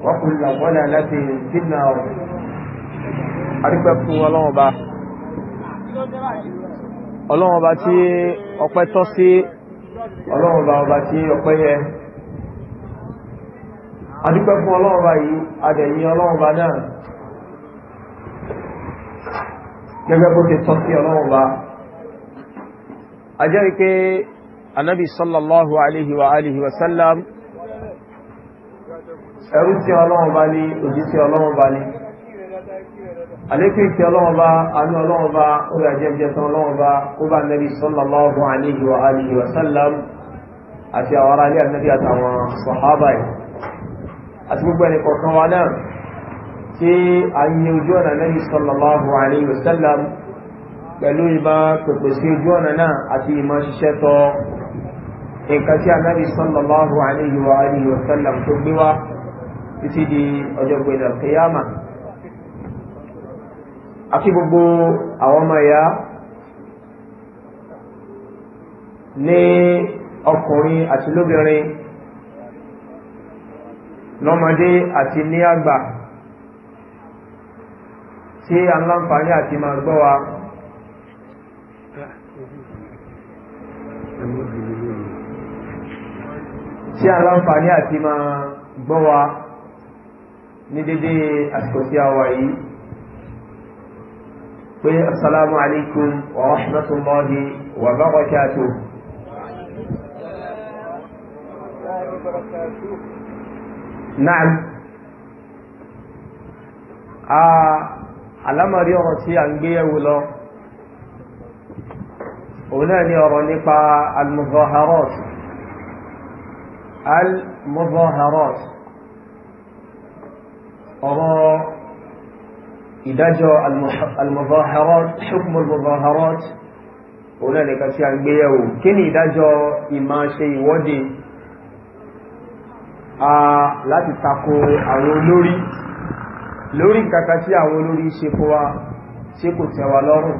وكل ضلالة في النار adúpẹ́ fún ọlọ́run ọba ọlọ́run ọba tí ọpẹ́ tọ́ sí ọlọ́run ọba ọba tí ọpẹ́ yẹ adúpẹ́ fún ọlọ́run ọba yìí adẹ̀yìn ọlọ́run ọba náà gẹ́gẹ́ bó ti tọ́ sí ọlọ́run ọba a jẹ́ wípé anábì sallallahu alaihi wa alihi wa sallam ẹrú tí ọlọ́run bá ní òjì tí ọlọ́run bá ní àlékún ìtì ọlọ́run bá àánú ọlọ́run bá orí àjẹjẹ tán ọlọ́run bá ó bá nẹ́bí sallallahu alaihi wa alihi wa sallam àti àwọn ará ilé àtẹ́bí àtàwọn sọ̀hábà ẹ̀ àti gbogbo ẹni kọ̀ọ̀kan wa náà tí a ń yẹ ojú ọ̀nà nẹ́bí sallallahu alaihi wa sallam pẹ̀lú ìbá pẹ̀pẹ̀ sí ojú ọ̀nà náà àti ìmọ̀ ṣiṣẹ́ tọ́ nǹkan tí a nẹ́bí sallallahu alaihi wa alihi wa sallam tó gbé wá títí di ọjọ́ gbẹ̀dẹ̀ kìyàmà àti gbogbo àwọn ọmọ ẹ̀yà ní ọkùnrin àti lóbìnrin lọ́mọdé àti ní àgbà tí a ń láǹfààní àti máa gbọ́ wa tí a ń láǹfààní àti máa gbọ́ wa ní dédé àsìkò tí a wà yìí pé assalamu alaikum wa rahmatullahi wa barakatuh naam a alamari ọ̀rọ̀ tí a ń gbé ẹwù lọ òun náà ni ọ̀rọ̀ nípa al-muzaharat ọ̀rọ̀ ìdájọ́ al-muzaharat hukm al-muzaharat òun ẹ̀nìkan tí a gbé yẹ̀wò kí ni ìdájọ́ ìmá ṣe ìwọ́de a láti tako àwọn olórí lórí kàkà tí àwọn olórí ṣe kó wa tí kò tẹ́wa lọ́rùn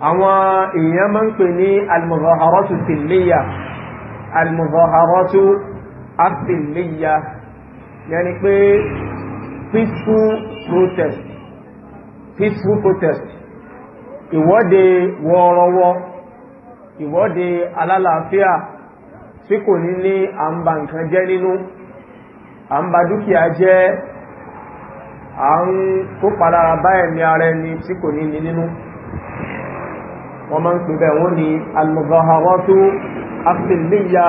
àwọn èèyàn máa ń pè ní al-muzaharatu fil-millah almuzaharatu asiliya yẹni pé peaceful protest peaceful protest ìwọ́de wọ́ọ́rọ́wọ́ ìwọ́de alálàáfíà tí kò ní ní à ń ba nǹkan jẹ́ nínú à ń ba dúkìá jẹ́ à ń kó palára bá ẹ̀mí ara ẹni tí kò ní ní nínú wọ́n máa ń pè bẹ́ẹ̀ wọ́n ní almuzaharatu asiliya Afiliya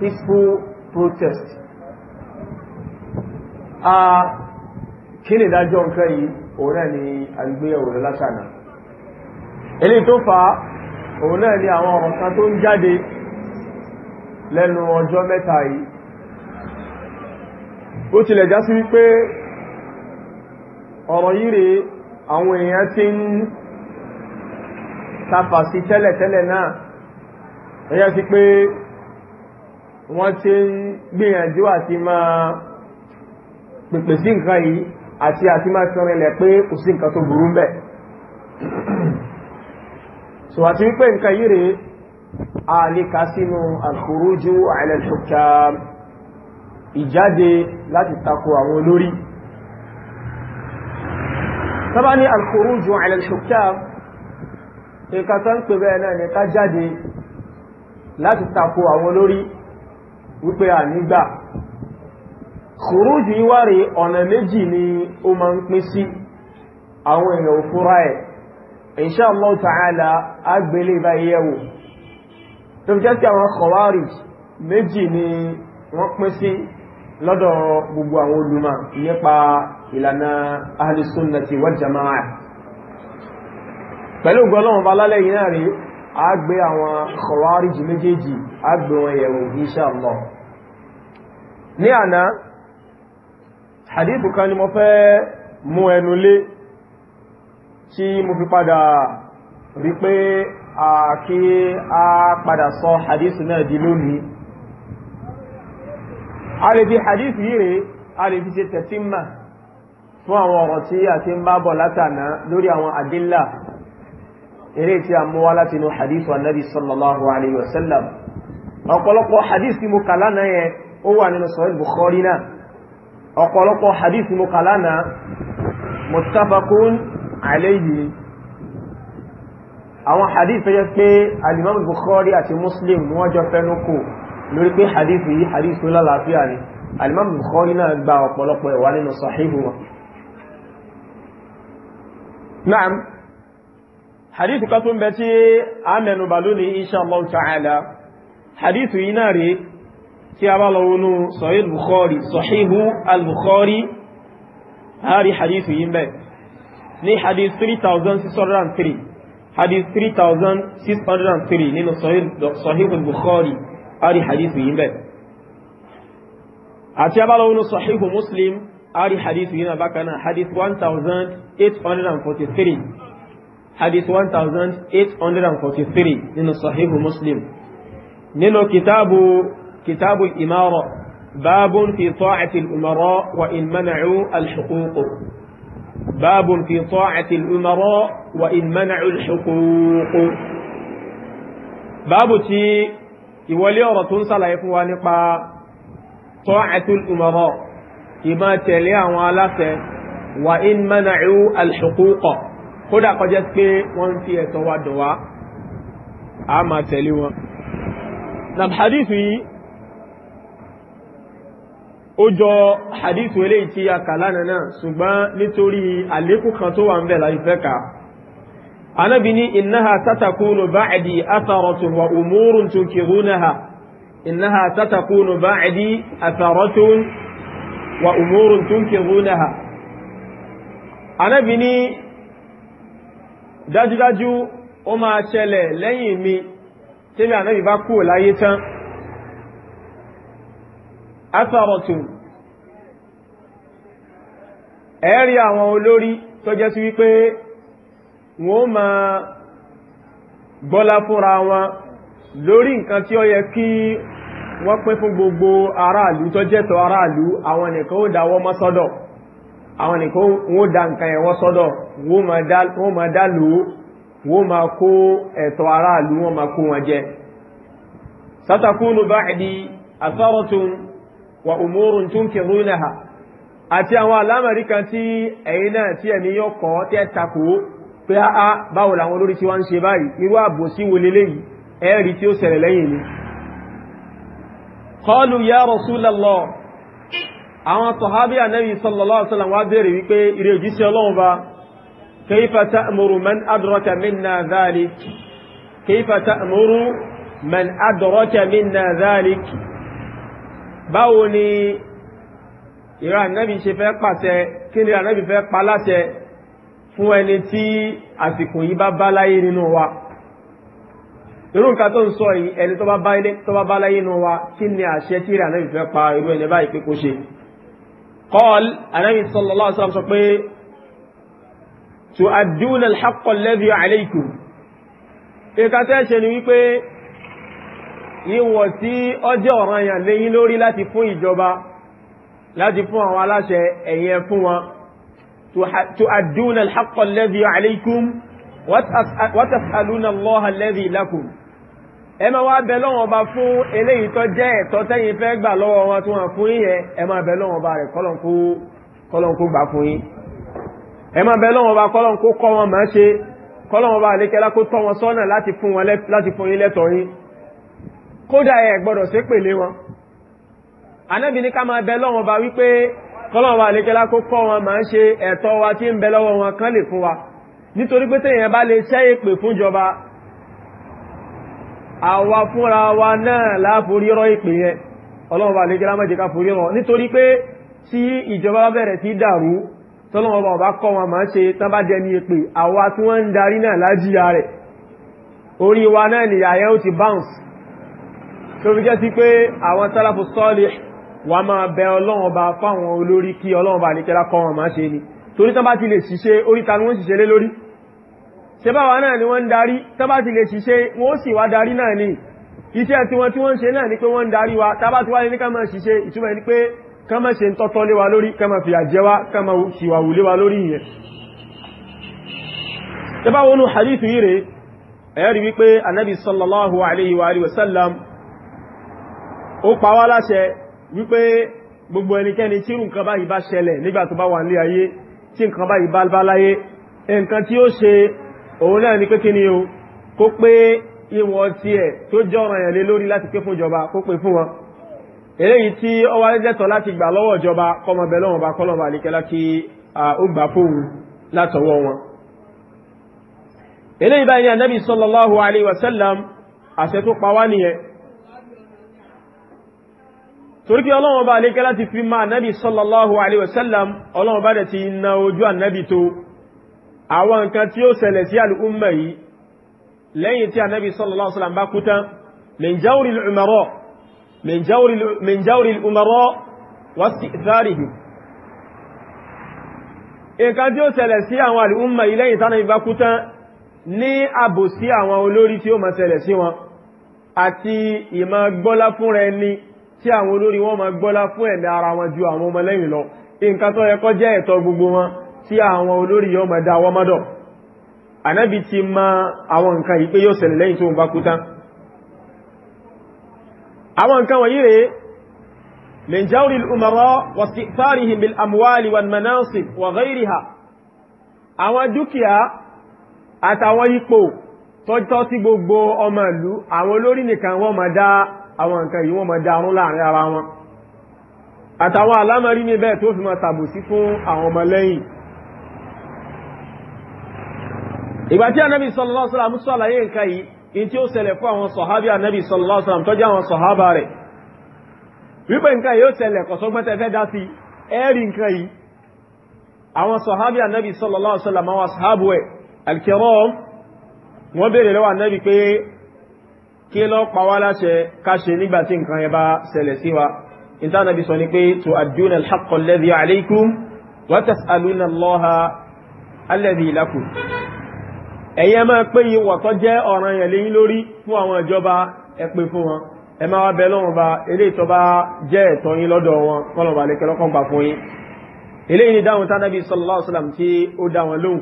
peaceful protest. A kí ni ìdájọ́ nǹkan yìí, òun náà ni àgbéyẹ̀wò rẹ̀ látànà. Ilé tó fa, òun náà ni àwọn ọ̀rọ̀ kan tó ń jáde lẹ́nu ọjọ́ mẹ́ta yìí. Ó tilẹ̀ já sí wípé ọ̀rọ̀ yìí àwọn èèyàn ti ń tafà sí tẹ́lẹ̀tẹ́lẹ̀ náà ẹ̀yà sí pé wọ́n ti ń gbìyànjú àti máa pèpè sí nǹkan yìí àti àti máa fi rìnlẹ̀ pé kò sí nǹkan tó burú mẹ́ so àti wípé nǹkan yìí rèé a lè ká sínú al-khuruju ala al-hukam ìjáde láti tako àwọn olórí sábà ní al-khuruju ala ń pè bẹ́ẹ̀ náà ní ká jáde láti tako àwọn olórí wípé ànígbà kùrújì wárí ọ̀nà méjì ni ó ma ń pín sí àwọn èèyàn òfúra ẹ̀ insha Allah ta'ala agbélé báyẹ̀wò tó fi jẹ́ sí àwọn kọ̀wárì méjì ni wọ́n pín sí lọ́dọ̀ gbogbo àwọn olùmọ̀ nípa ìlànà ahli sunnati wal pẹ̀lú gọ́lọ́wọ́n bá yìí náà rí a gbé àwọn kọwàríjì méjèèjì a gbé wọn yẹ̀wò insha Allah ní àná hadithu kan ni mo fẹ́ mú ẹnu lé tí mo fi padà rí pé a kí a padà sọ hadithu náà di lónìí a lè fi hadithu yìí rẹ̀ a lè fi ṣe tẹ̀tíma fún àwọn ọ̀rọ̀ tí a ti ń bá bọ̀ látàná lórí àwọn àdílà eré tí a mú wá láti inú hadith wa nabi sallallahu alayhi wa sallam ọ̀pọ̀lọpọ̀ hadith tí mo kà lánàá yẹn ó wà nínú sahih bukhari náà ọ̀pọ̀lọpọ̀ hadith tí mo kà lánàá muttafaqun alayhi àwọn hadith tó yẹ pé alimami bukhari àti muslim ni wọ́n jọ fẹ́nu kù lórí pé hadith yìí hadith tó lálàáfíà ni alimami bukhari náà gba ọ̀pọ̀lọpọ̀ ẹ̀wà nínú sahihu wọn hadithu kan tún bẹ tí a mẹ́nubà lónìí insha Allah ta'ala hadithu yìí náà rí tí a bá lọ wọnú sahih al-bukhari sahihu al-bukhari a rí hadithu yìí bẹ ní hadith 3603 hadith 3603 nínú sahih al-bukhari a rí hadithu yìí bẹ àti a bá lọ wọnú sahihu muslim a rí hadithu yìí náà bákanáà hadith 1843 hadith 1843 nínú sahihu muslim nínú kitabu kitabu imara babun fi ta'ati al-umara wa in mana'u al-huquq babun fi ta'ati al-umara wa in mana'u al-huquq babu tí ìwọlé ọ̀rọ̀ tún ṣàlàyé fún wa nípa ta'ati al-umara tẹ̀lé àwọn aláṣẹ wa in mana'u al kódà kọjá pé wọ́n ń fi ẹ̀tọ́ wa dùn wá a máa tẹ̀lé wọn. nam hadithu yìí ó jọ hadithu eléyìí tí a kà lánàá náà ṣùgbọ́n nítorí àlékún kan tó wà ń bẹ̀ láì fẹ́ kà á. Ànábì ní innaha satakunu ba'di atharatun wa umurun tunkirunaha innaha satakunu ba'di atharatun wa umurun tunkirunaha Ànábì ní dájúdájú ó máa ṣẹlẹ̀ lẹ́yìn mi tí mi ànábì bá kú láyé tán afárọ̀tún ẹ̀rí àwọn olórí tó jẹ́ sí wípé wọ́n máa gbọ́lá fúnra wọn lórí nǹkan tí ó yẹ kí wọ́n pín fún gbogbo aráàlú tó jẹ́tọ̀ aráàlú àwọn nìkan ó dáwọ́ mọ́ àwọn nìkan wọ́n dá nǹkan ẹ̀wọ́n sọ́dọ̀ wọ́n máa dá lò ó wọ́n máa kó ẹ̀tọ́ aráàlú wọ́n máa kó wọn jẹ satakunu ba'di atharatun wa umurun tunkirunaha àti àwọn alámàrí kan tí ẹ̀yin náà tí ẹ̀mí yọ kọ́ tẹ́ takò pé áá báwo làwọn olórí tí wọ́n ń ṣe báyìí irú àbòsí wo leléyìí ẹ̀rí tí ó ṣẹlẹ̀ lẹ́yìn ni qalu ya rasulallah àwọn sọ̀hábí ànábì sallallahu alaihi wasallam wá bèèrè wípé ìrè òjíṣẹ́ ọlọ́run bá kayfa ta'muru man adraka minna dhalik kayfa ta'muru man adraka minna dhalik báwo ni ìrà ànábì ṣe fẹ́ pàṣẹ kí ni ànábì fẹ́ pa láṣẹ fún ẹni tí àsìkò yìí bá bá láyé nínú wa irú nǹkan tó ń sọ yìí ẹni tó bá bá láyé nínú wa kí ni àṣẹ tí ìrà fẹ́ pa irú ẹni báyìí pé kó ṣe قال النبي صلى الله عليه وسلم تؤدون الحق الذي عليكم ìkàtẹ́ṣẹ́ ni wípé ìwọ̀ tí ọjọ́ ọ̀ranyàn léyìn lórí láti fún ìjọba láti fún àwọn aláṣẹ ẹ̀yin fún wọn تؤدون الحق الذي عليكم وتسألون الله الذي لكم ẹ máa wá bẹ lọ́wọ́n ọba fún eléyìí tó jẹ́ ẹ̀tọ́ tẹ́yìn fẹ́ gbà lọ́wọ́ wọn tó hàn fún yín yẹn ẹ máa bẹ lọ́wọ́n ọba rẹ̀ kọ́lọ́nkó gbà fún yín ẹ máa bẹ lọ́wọ́n ọba kọ́lọ́nkó kọ́ wọn máa ṣe kọ́lọ́wọ́n ọba àlékẹ́lá kó tọ́ wọn sọ́nà láti fún yín lẹ́tọ̀ọ́ yín kódà ẹ gbọ́dọ̀ ṣe pèlé wọn anábì ní ká máa bẹ lọ́wọ́n ọba wípé kọ́lọ́wọ́n ọba àlékẹ́lá kó kọ́ wọn máa ṣe ẹ̀tọ́ wa tí ń bẹ lọ́wọ́ wọn kán lè fún wa nítorí pé téèyàn bá lè ṣẹ́ èpè fúnjọba àwa fúnra wa náà láforírọ́ ìpè yẹn ọlọ́ọ̀bà lè jẹ́lá mẹ́jẹ́ ká forírọ́ nítorí pé tí ìjọba bẹ̀rẹ̀ tí dàrú tọ́lọ́ọ̀bà ọba kọ́ wọn máa ṣe tán bá jẹ́ ní ìpè àwa tí wọ́n ń darí náà lájíyà rẹ̀ orí wa náà nìyà yẹn ó ti bounce tó fi jẹ́ sí pé àwọn sálàfù sọ́ọ̀lì bá ṣe bá wa náà ni wọ́n ń darí tábà ti lè ṣiṣẹ́ wọ́n sì wá darí náà ni iṣẹ́ tí wọ́n tí wọ́n ṣe náà ni pé wọ́n ń darí wa tábà ti wáyé ní ká máa ṣiṣẹ́ ìtumọ̀ ni pé ká máa ṣe ń tọ́tọ́ lé wa lórí ká máa fìyà jẹ wa ká máa ṣìwà wù lé wa lórí ìyẹn sallallahu alayhi wa alihi wa sallam ó pa wá láṣẹ wípé gbogbo ẹnikẹ́ni tí nǹkan báyìí bá ṣẹlẹ̀ nígbà tó bá wà nílé ayé tí nǹkan báyìí bá láyé nǹkan tí ó ṣe òun náà ni pé kí ni o kó pé ìwọ̀n tiẹ̀ tó jẹ́ ọ̀ràn yẹn lé lórí láti pé fún ìjọba kó pé fún wọn eléyìí tí ó wá lẹ́tọ̀ láti gbà lọ́wọ́ ìjọba kọmọbẹ̀ lọ́wọ́ bá kọ́lọ̀ bá lékẹ́ ó gbà fóun látọwọ́ wọn eléyìí báyìí anábì sallallahu alaihi wasallam àṣẹ tó pa wá nìyẹn torí pé ọlọ́wọ́ bá lékẹ́ láti fi máa anábì sallallahu alaihi wasallam ọlọ́wọ́ bá dẹ̀ ti na ojú àwọn nǹkan tí ó ṣẹlẹ̀ sí al'umma yìí lẹ́yìn tí anábi sallallahu alaihi wasallam bá kú tán min jawri al-umara min jawri min jawri al-umara wa isti'tharihim nǹkan tí ó ṣẹlẹ̀ sí àwọn al'umma yìí lẹ́yìn tí anábi bá kú tán ní àbòsí àwọn olórí tí ó ma ṣẹlẹ̀ tí àwọn olórí yóò máa dá wọ́n mọ́dọ̀ ànábì ti ma àwọn nǹkan yìí pé yóò ṣẹlẹ̀ lẹ́yìn tó ń bá kú tán àwọn nǹkan wọ̀nyí rèé min jawri al-umara wa isti'farihim bil amwali wal manasib wa àwọn dúkìá àtàwọn ipò tọ́jọ́ sí gbogbo ọmọ ìlú àwọn olórí nìkan wọ́n ma dá àwọn nǹkan yìí wọ́n ma dá rún láàrin ara wọn àtàwọn alámọ̀rí ní bẹ́ẹ̀ tó fi ma tàbùsí fún àwọn ọmọlẹ́yìn ìgbà tí anábì sallallahu alaihi wasallam ṣàlàyé nǹkan yìí in tí ó ṣẹlẹ̀ fún àwọn sọ̀hábí anábì sallallahu alaihi wasallam tọ́jú àwọn sọ̀hábà rẹ̀ wípé nǹkan yóò ṣẹlẹ̀ kọ̀sọ́gbẹ́tẹ̀ fẹ́ dá sí ẹ̀rí nǹkan yìí àwọn sọ̀hábí anábì sallallahu alaihi wasallam àwọn sọ̀hábù ẹ̀ al-kiram wọ́n béèrè lọ́wọ́ anábì pé kí ló pa wá láṣẹ ká ṣe nígbà tí nǹkan yẹn bá ẹ̀yin ẹ máa pé ìwọ̀ tó jẹ́ ọ̀ràn yẹn lẹ́yìn lórí fún àwọn ìjọba ẹ fún wọn ẹ máa wá bẹ lọ́wọ́n ba eléyìí tó bá jẹ́ ẹ̀tọ́ yín lọ́dọ̀ wọn kọ́lọ̀ bá lè kẹ́lọ́kàn gbà fún yín sallallahu alaihi wasallam tí ó dá wọn lóhùn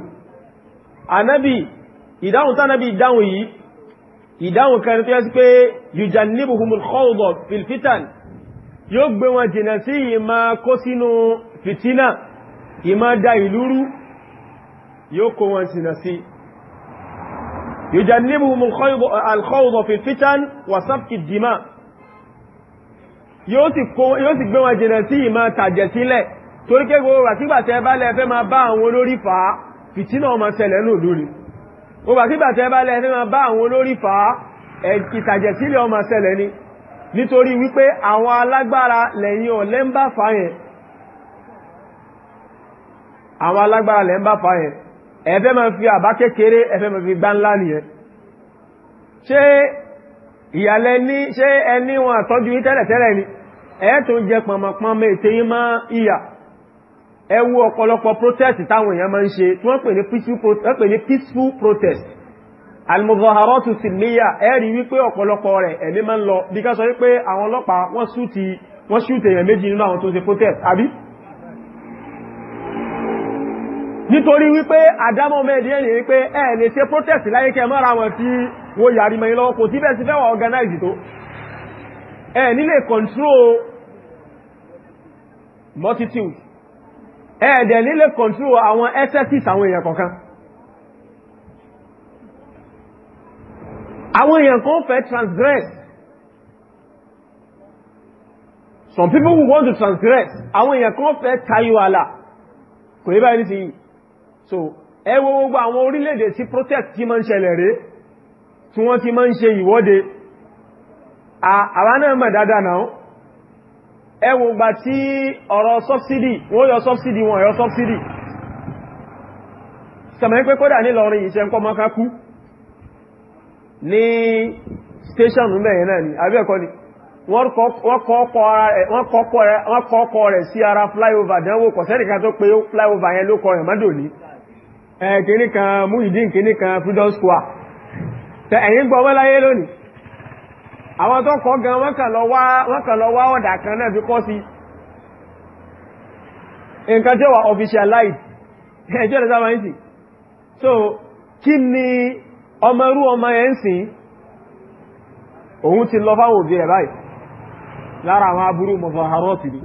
ànábì ìdáhùn tánábì dáhùn yìí ìdáhùn kan tó yẹ sí pé yujannibuhumul khawda fil fitan yóò kó fitina ìmá da ìlú rú wọn jìnà sí يجنبهم الخوض في الفتن وسفك الدماء yóò sì gbé wọn jìnà sí ìmá tàjẹ̀ sílẹ̀ torí kí gbogbo àtígbàtẹ́ bá lẹ́ẹ̀fẹ́ ma bá àwọn olórí fàá fìtínà ọmọ ṣẹlẹ̀ ní olórí gbogbo àtígbàtẹ́ bá lẹ́ẹ̀fẹ́ ma bá àwọn olórí fàá ìtàjẹ̀ sílẹ̀ ọmọ ṣẹlẹ̀ ni nítorí wípé àwọn alágbára lẹ́yìn ọ̀lẹ́mbà fàá yẹn ẹ̀fẹ́ ma fi àbá kékeré ẹ̀fẹ́ ma fi gbá ńlá nìyẹn ṣé ìyàlẹ́ ní ṣé ẹni wọn àtọ́jú yí tẹ́lẹ̀tẹ́lẹ̀ ni ẹ̀ẹ́tún jẹ pọ̀mọ̀pọ̀mọ̀ ètè yí máa ìyà ẹ wo ọ̀pọ̀lọpọ̀ protest táwọn èèyàn máa ń peaceful protest almuzaharatu silmiya ẹ̀rí wípé ọ̀pọ̀lọpọ̀ rẹ̀ ẹ̀mí máa ń lọ bí ká sọ wípé àwọn ọlọ́pàá wọ́n ṣúùtì èèyàn méjì nínú àwọn tó ṣe protest àbí nítorí wípé àdámọ́ mẹ́ẹ̀díẹ̀ ni wípé ẹ lè ṣe protest láyé kẹ mọ́ra wọn tí wo yàrí mẹ́yìn lọ́wọ́ kò tí bẹ́ẹ̀ sí fẹ́wọ̀ organize tó ẹ nílé control multitude ẹ dẹ̀ nílé control àwọn excesses àwọn èèyàn kọ̀ọ̀kan àwọn èèyàn kan fẹ́ transgress some people who want to transgress àwọn èèyàn kan fẹ́ tayọ àlà kò yẹ báyìí nísìnyí so ẹ wo gbogbo àwọn orílẹ̀-èdè tí protest ti máa ń ṣẹlẹ̀ rẹ̀ tí wọ́n ti máa ń ṣe ìwọ́de àwọn náà mọ̀ dáadáa náà ẹ wo gbà tí ọ̀rọ̀ subsidy wọ́n yọ subsidy wọ́n yọ subsidy sàmì pé kódà ní lọrin ìṣẹ́ ń kọ́ mọ́ká kú ní station mẹ́rin náà ni àbí ẹ̀kọ́ ni wọ́n kọ́kọ́ rẹ̀ sí ara flyover dánwò kọ̀sẹ́nìkan tó pé flyover yẹn ló kọ rẹ̀ mọ́dò ní kìíní kan Muyideen kìíní kan Freedom Square tẹ ẹ̀yìn gbọ́ wẹ́láyé lónìí àwọn tó kọ́ gan wọ́n kàn lọ wá ọ̀dà kan náà fi kọ́ sí nǹkan tí ó ẹjọ́ ìrẹsà so kí ni ọmọrú ọmọ ẹ̀ ń sìn òun ti lọ fáwọn òbí ẹ̀ báyìí lára àwọn aburú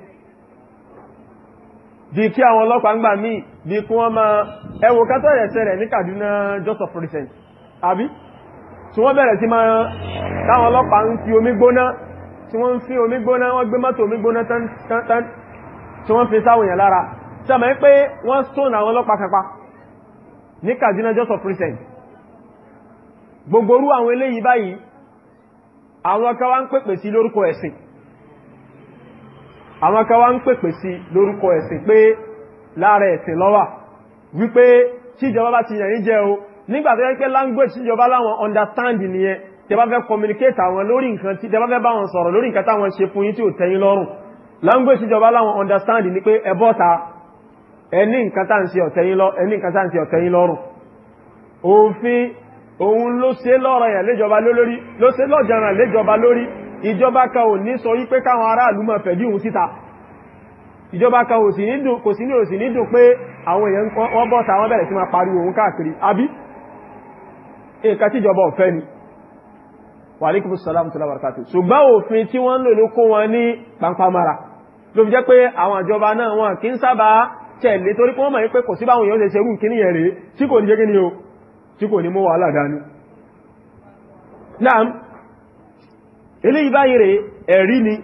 bí kí àwọn ọlọ́pàá ń gbà míì bí kí wọ́n máa ẹwọ kátọ́ ẹ̀ṣẹ̀ rẹ̀ ní Kaduna just of recent àbí tí wọ́n bẹ̀rẹ̀ sí máa táwọn ọlọ́pàá ń fi omi gbóná tí wọ́n ń fi omi gbóná wọ́n gbé mọ́tò omi gbóná tán tí wọ́n fi sáwọn èèyàn lára sọmọ pé wọ́n stone àwọn ọlọ́pàá kan pa ní Kaduna just of recent gbogbo orú àwọn eléyìí báyìí àwọn kan wá ń pèpè sí lórúkọ ẹ̀sìn àwọn kan wá ń pèpè sí lórúkọ ẹ̀sìn pé lára ẹ̀sìn lọ́wà wípé tíjọba bá ti yàn yín o nígbà tó language tíjọba láwọn understand nìyẹn tẹ́ bá fẹ́ communicate àwọn lórí nǹkan tí tẹ́ bá fẹ́ bá wọn sọ̀rọ̀ lórí nǹkan táwọn ṣe fún yín tí ò tẹ́yìn lọ́rùn language tíjọba láwọn understand ni pé ẹbọ́ ta ẹni nǹkan tá ń ṣe ọ̀tẹ́yìn lọ́rùn òfin òun ló ṣe lọ́rọ̀ yẹn léjọba lórí ló ṣe lọ́jọ̀ràn ìjọba kan ò ní sọ wípé káwọn aráàlú máa fẹ̀dí òun síta ìjọba kan kò sí ní òsì ní dùn pé àwọn èèyàn wọ́n bọ́ta àwọn wọ́n bẹ̀rẹ̀ sí máa pariwo òun káàkiri àbí nǹkan tí ìjọba ọ̀fẹ́ ni ṣùgbọ́n òfin tí wọ́n lò ló kó wọn ní ló fi jẹ́ wọn kì sábà tẹ̀lé torí pé wọ́n mọ̀ pé kò sí báwọn èèyàn ṣe ṣerú kí eléyìí báyìí rẹ̀ ẹ̀rí ni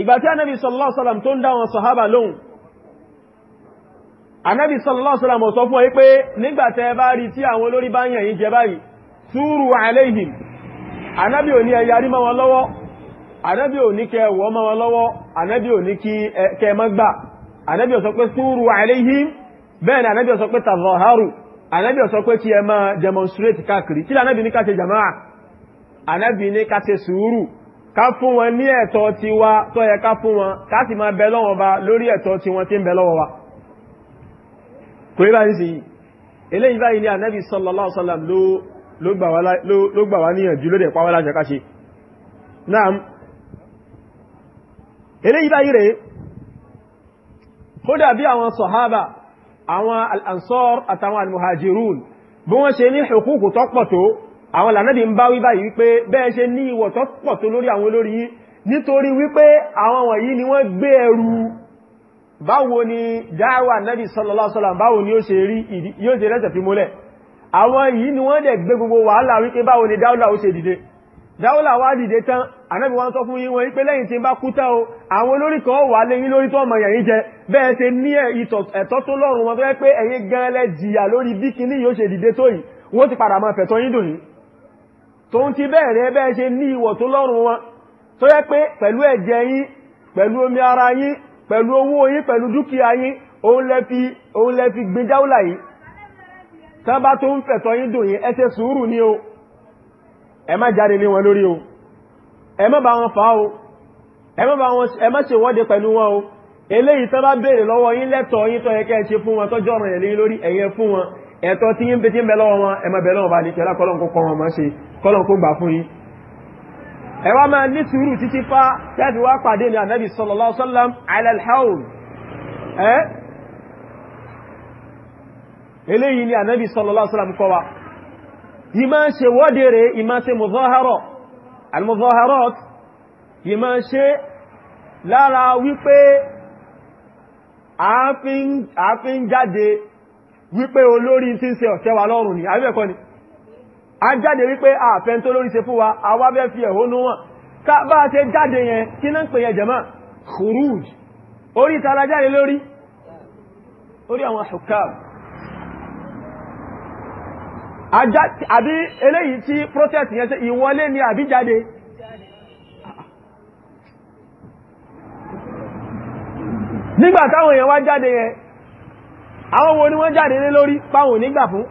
ìgbà tí anábi sallallahu alaihi wasallam tó ń dá wọn sọ̀hábà lóhùn anábi sallallahu alaihi wasallam sọ fún ẹ pé nígbàtẹ́ bá rí tí àwọn olórí bá yàn yí jẹ báyìí túrù aléhìm anábi ò pé ni anábi ò pé kí ẹ máa demonstrate káàkiri kí jama'a ànábì ní ká ṣe sùúrù ká fún wọn ní ẹ̀tọ́ ti wa tó yẹ ká fún wọn ká sì máa bẹ lọ́wọ́ ba lórí ẹ̀tọ́ tí wọ́n ti ń bẹ lọ́wọ́ wa kò yíba ní sí yìí eléyìí báyìí ní ànábì sallallahu alaihi wasallam ló gbà wá níyànjú lóde pa wá láṣẹ bí wọ́n ṣe ní hukuku tọ́pọ̀ tó àwọn lànàbí ń bá wí báyìí wípé bẹ́ẹ̀ ṣe ní ìwọ̀ tó pọ̀ tó lórí àwọn olórí yìí nítorí wípé àwọn wọ̀nyí ni wọ́n gbé ẹrù báwo ni dáwà nàbí sallallahu alaihi wasallam báwo ni ó ṣe rí yóò ṣe rẹ́sẹ̀ fi múlẹ̀ àwọn yìí ni wọ́n dẹ̀ gbé gbogbo wàhálà wípé báwo ni dáwà o àwọn olórí kan wà lẹ́yìn lórí tó ọmọ yẹ̀yìn jẹ bẹ́ẹ̀ ṣe ní ẹ̀tọ́ tó lọ́rùn wọn tó yẹ pé ẹ̀yin gan ti padà máa fẹ̀tọ́ yín dùn yìí tó ń ti bẹ́ẹ̀rẹ̀ bẹ́ẹ̀ ṣe ní ìwọ̀ tó lọ́rùn wọn tó yẹ pé pẹ̀lú ẹ̀jẹ̀ yín pẹ̀lú omi ara yín pẹ̀lú owó yín pẹ̀lú dúkìá yín òun lẹ fi òun lẹ fi gbin jáúlà yìí tán bá tó ń fẹ̀tọ́ yín dùn yín ẹ ṣe sùúrù ní o ẹ má jáde lé wọn lórí o ẹ má bá wọn fà o ẹ má ṣe wọ́de pẹ̀lú wọn o eléyìí tán bá béèrè lọ́wọ́ yín lẹ́tọ̀ọ́ yín tó yẹ kẹ́ ṣe fún wọn tọ́jọ́ ọ̀ràn yẹn lórí ẹ̀yẹn fún wọn ẹ̀tọ́ tí yí ń bẹ tí ń bẹ lọ́wọ́ wọn ẹmọ bẹ lọ́wọ́ bá ní kẹlá kọ́lọ́n kó kọ́ wọn mọ́ ṣe kọ́lọ́n kó gbà fún yín ẹ wá máa ní sùúrù títí fá tẹ́ẹ̀fì wá pàdé ní ànábì sallallahu alaihi wasallam ala al-hawl ẹ́ eléyìí ni ànábì sallallahu alaihi wasallam wípé olórí tí ń ṣe ọ̀tẹ̀ wa lọ́rùn ni àbẹ́ẹ̀kọ́ ni a jáde wípé àfẹ́ tó lórí ṣe fún wa àwa bẹ́ fi ẹ̀hónú wọn ká bá ṣe jáde yẹn kí náà ń pè yẹn jẹ̀mọ́ khuruj orí tara jáde lórí orí àwọn hukam àbí èèyàn wá jáde yẹn àwọn wo ni wọ́n jáde lé lórí páwọn onígbà fún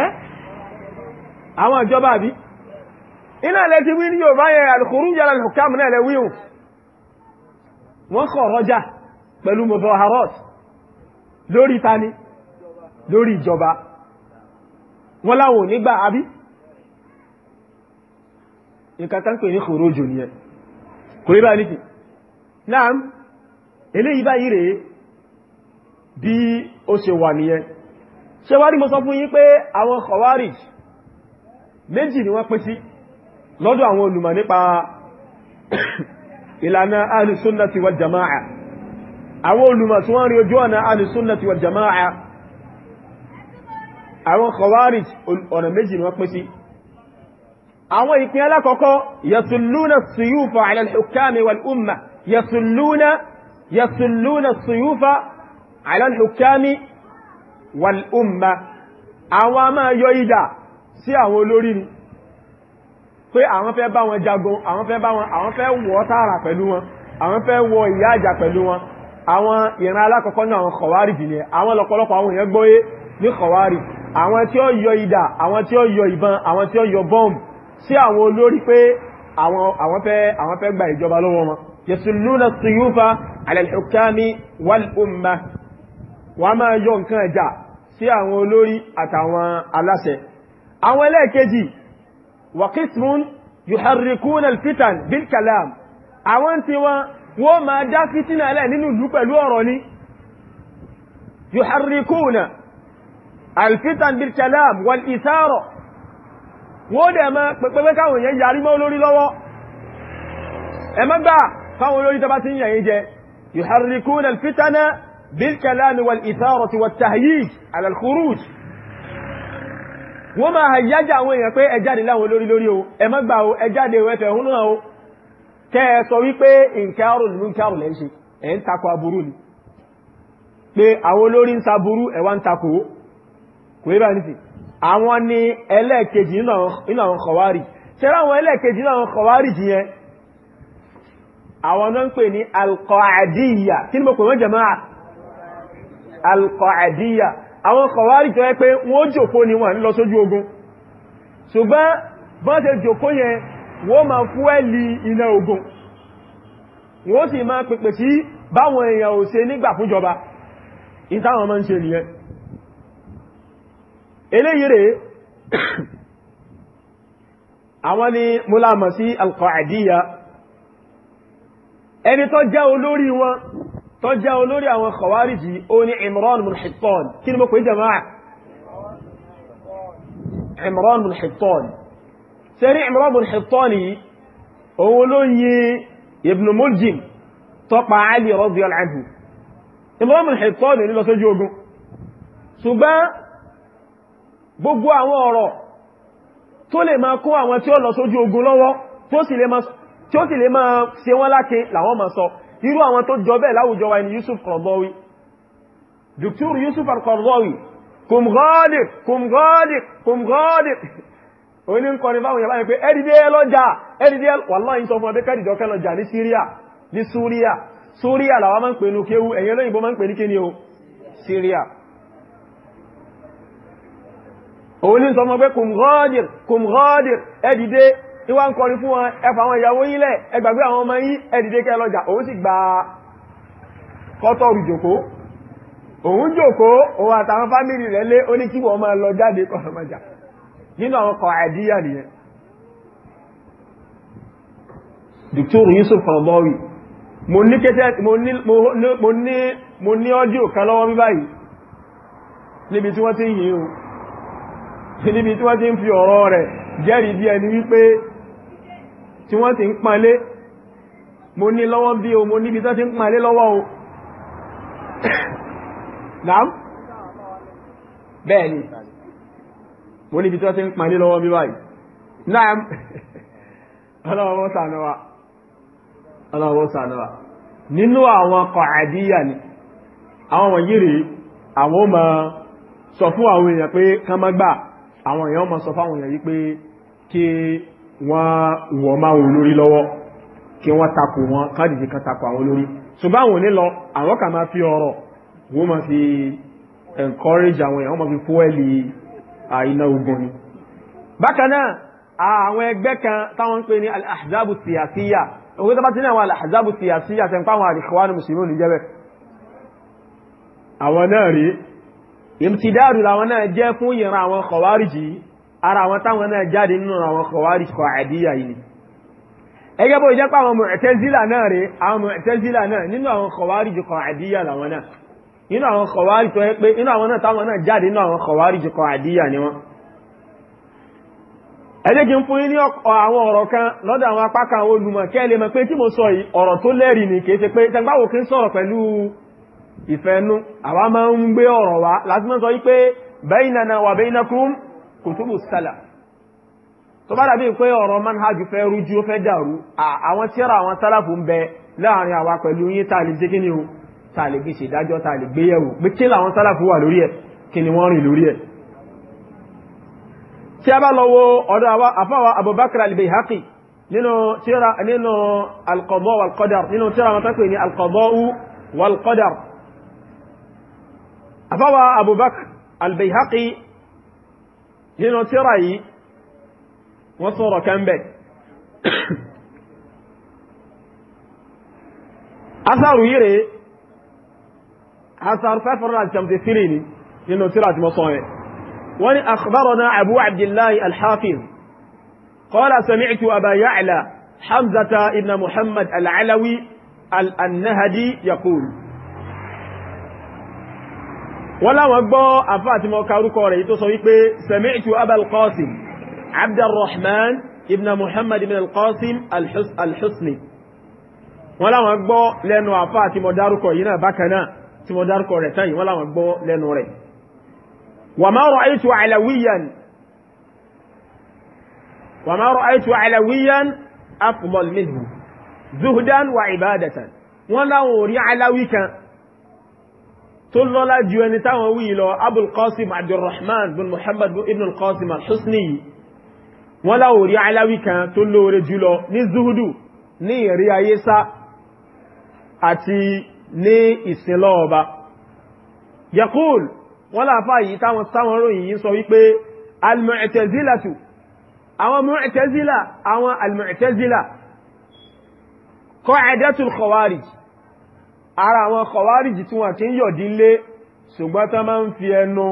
ẹ́ àwọn ìjọba àbí iná ilẹ̀ ti wí ní Yorùbá yẹn alùkùrú yàrá lùkàmù náà lẹ́wí hùn wọ́n kọ̀ rọ́jà pẹ̀lú mọ̀fọ́harọ́t lórí tani lórí ìjọba wọ́n láwọn onígbà àbí ìkàtà ń pè ní kòrójò nìyẹn bí ó ṣe wà nìyẹn ṣe wá rí mo sọ fún yín pé àwọn khawarij méjì ni wọ́n pín sí lọ́dọ̀ àwọn olùmọ̀ nípa ìlànà alìsúnnàtí wal jama'a àwọn olùmọ̀ tí wọ́n rí ojú ọ̀nà alìsúnnàtí wal jama'a àwọn khawarij ọ̀nà méjì ni wọ́n pín sí àwọn ìpín alákọ̀ọ́kọ́ yasulluna suyufa ala wal umma yasulluna yasulluna suyufa alálùkámi wàl'umma àwọn a máa yọ ìdà sí àwọn olórí ni pé àwọn fẹ́ bá wọn jagun àwọn fẹ́ bá wọn àwọn fẹ́ wọ tààrà pẹ̀lú wọn àwọn fẹ́ wọ ìyájà pẹ̀lú wọn àwọn ìran alákọ̀ọ́kọ́ náà àwọn kọ̀wárì jì ní àwọn lọ́pọ̀lọpọ̀ àwọn èèyàn gbọ́yé ní kọ̀wárì àwọn tí ó yọ ìdà àwọn tí ó yọ ìbọn àwọn tí ó yọ bọ́ọ̀mù sí àwọn olórí pé àwọn fẹ́ gba ìjọba lọ́wọ́ wọn yasuluna suyufa ala al-hukami wal wọ́n máa yọ nǹkan ẹ̀jà sí àwọn olórí àtàwọn aláṣẹ àwọn ẹlẹ́ẹ̀kejì wàkísmún yuharrikun alfitan bil kalam àwọn tí wọ́n wọ́n máa dá fitina ẹlẹ́ nínú ìlú pẹ̀lú ọ̀rọ̀ ni yuharrikun alfitan bil kalam wal isaro wọ́n dẹ̀ mọ́ pẹ̀pẹ̀pẹ̀ káwọn èèyàn mọ́ بالكلام والإثارة والتهييج على الخروج wọ́n máa yájá àwọn èèyàn pé ẹjáde láwọn olórí lórí o ẹmọ́gbà o ẹjáde ẹfẹ̀ òun náà o kẹ́ ẹ sọ wípé ìǹkẹ́rù ní ìǹkẹ́rù lẹ́ ń ṣe ẹ̀ ń takò aburú ni pé àwọn olórí ń saburú ẹ̀wà ń takò kò yíba ní sí àwọn ni ẹlẹ́ẹ̀kejì nínú àwọn kọ̀wárì ṣẹ́rá àwọn ẹlẹ́ẹ̀kejì nínú àwọn kọ̀wárì jìyẹn àwọn náà ń pè ní alkọ̀ádìyà kí ni mo pè wọ́n jẹ̀máà alkọ̀àdíyà àwọn kọ̀wárí tó yẹ pé wọ́n jòkó ni wọ́n lọ sójú ogun ṣùgbọ́n bọ́n ṣe jòkó yẹn wọ́n máa fúẹ́lì iná ogun wọ́n sì máa pèpè sí báwọn èèyàn ò ṣe nígbà fúnjọba ìtàwọn máa ń ṣe nìyẹn eléyìí rèé àwọn ni múlámọ̀ sí alkọ̀àdíyà ẹni tó jẹ́ olórí wọn tó jẹ́ olórí àwọn khawariji ó ní imran bin hittan kí ni mo pè jama'a imran bin hittan sẹ́rí imran bin hittan yìí òun ló yí ibn muljim tó pa ali radiyallahu anhu imran bin hittan ní lọ sójú ogun ṣùgbọ́n gbogbo àwọn ọ̀rọ̀ tó lè máa kó àwọn tí ó lọ sójú ogun lọ́wọ́ tí ó sì lè máa ṣe wọ́n láti làwọn máa sọ irú àwọn tó jọ bẹ́ẹ̀ láwùjọ wa ni Yusuf Qaradawi Dr. Yusuf Qaradawi kum ghadir kum ghadir kum ghadir oní ń kọrin báwọn yàbá yẹn pé ẹ̀dìdẹ́ lọ́jà ẹ̀dìdẹ́ wàláhí sọ fún ọdẹ́ kẹ́dìdọ́kẹ́ lọ́jà ní Syria ní Syria Syria làwa máa ń pè ní kéwú ẹ̀yìn olóyìnbó máa ń pè ní kíni o Syria òun ní sọ ẹ̀dìdẹ́ Ni wá ń kọrin fún wọn ẹfà àwọn ìyàwó yílẹ̀ ẹgbàgbé àwọn ọmọ yí ẹ̀dìdé kẹ lọ́jà òun sì gba kọ́tọ̀rù jòkó òun jòkó òun àtàwọn fámìlì rẹ̀ lé ó ní kí wọ́n máa lọ jáde kọ̀ọ̀mọ̀jà nínú àwọn kọ̀ àìdíyà nìyẹn Dr. Yusuf Fandori mo ní kété mo ní ọdíò kan lọ́wọ́ bí báyìí níbi tí wọ́n ti ń yìí o níbi tí wọ́n ti ń fi ọ̀rọ̀ rẹ̀ jẹ́rìí bí ẹni wípé tí wọ́n ti ń pàálé mo ní lọ́wọ́ bí o mo níbi tó ti ń pàálé lọ́wọ́ o naam bẹ́ẹ̀ni mo níbi tó ti ń pàálé lọ́wọ́ bí báyìí naam ọlọ́wọ́ sànúwà ọlọ́wọ́ sànúwà nínú àwọn kọ̀àdíyà ni àwọn wọ̀nyí rí àwọn ọmọ sọ fún àwọn èèyàn pé kán má gbà àwọn èèyàn ọmọ sọ fún àwọn èèyàn yí pé kí wọ́n wọ́n máa wò lórí lọ́wọ́ kí wọ́n takò wọn kádìdì kan takò àwọn lórí ṣùgbọ́n àwọn onílọ àwọn kà máa fi ọ̀rọ̀ wọ́n máa fi encourage àwọn èèyàn wọ́n máa fi fúwẹ́lì àìná ogun ni bákan náà àwọn ẹgbẹ́ kan táwọn ń pè ní al-ahzabu siyasiya òwe tó bá ti ní àwọn al-ahzabu siyasiya ń pa àwọn al-ikhwan muslimun ní jẹ́bẹ̀ àwọn náà rí imtidadu làwọn náà jẹ́ fún ìran àwọn khawariji ara àwọn táwọn náà jáde nínú àwọn kọwàrí kọ àdíyà yìí ẹgẹ́ bó jẹ́ pé àwọn mọ̀tẹ́zílà náà rẹ̀ àwọn mọ̀tẹ́zílà náà nínú àwọn kọwàrí kọ àdíyà làwọn náà nínú àwọn kọwàrí tó yẹ pé nínú àwọn náà táwọn náà jáde nínú àwọn kọwàrí kọ àdíyà ni wọ́n ẹjẹ́ kí n fún yín ní àwọn ọ̀rọ̀ kan lọ́dọ̀ àwọn apá kan àwọn olùmọ̀ kẹ́ lè mọ̀ pé tí mo sọ yìí ọ̀rọ̀ tó lẹ́rìí ni kìí ṣe pé tẹgbáwò kí n sọ̀rọ̀ pẹ̀lú ìfẹ́nu àwa máa ń gbé ọ̀rọ̀ wa láti mọ́ sọ yí pé bainana wa bainakum kòtòbò sálà tó bá dàbí pé ọ̀rọ̀ manhajù fẹ́ rújú ó fẹ́ dàrú àwọn tíra àwọn sálàfù ń bẹ láàrin àwa pẹ̀lú yín tá a lè jẹ́ kí ni o tá a lè fi ṣèdájọ́ tá a lè gbé yẹ̀wò pé kí làwọn sálàfù wà lórí ẹ̀ kí ni wọ́n rìn lórí ẹ̀ tí a bá lọ wo ọ̀dọ̀ àfáwà Abubakar al nínú tíra nínú tíra yìí wọ́n sọ̀rọ̀ kan bẹ̀ asaru yìí rẹ̀ asaru 573 ni nínú tíra tí mọ́sán rẹ̀ wọ́n ni akhbarana abu abdullahi alhafiz qala sami'tu aba ya'la hamzata ibn muhammad al'alawi al'annahadi yaqulu wọ́n láwọn gbọ́ àfáà tí mọ́ karúkọ rẹ̀ tó sọ wípé sami'tu abal qasim abdulrahman ibn muhammad ibn al-qasim al-husni wọ́n láwọn gbọ́ lẹ́nu àfáà tí mọ́ dárúkọ yìí náà bákanáà tí mọ́ dárúkọ rẹ̀ tán yìí wọ́n láwọn gbọ́ lẹ́nu rẹ̀ وما رأيت علويا وما رأيت علويا أفضل منه زهدا وعبادة ولا أري علوي tó lọ́lá ju ẹni táwọn wí lọ abul qasim abdulrahman bin muhammad ibn al-qasim al-husni wọ́n láwò rí aláwí kan tó lóore jùlọ ní zuhudu ní ìrí ayé sá àti ní ìsinlọ́ọba yakul wọ́n láfá yìí táwọn ròyìn yìí sọ wípé al àwọn mu'tazila àwọn al-mu'tazila qa'datul khawarij ara àwọn kọ̀wárìjì tí wọ́n kí ń yọ̀dí lé ṣùgbọ́n tán máa ń fi ẹnu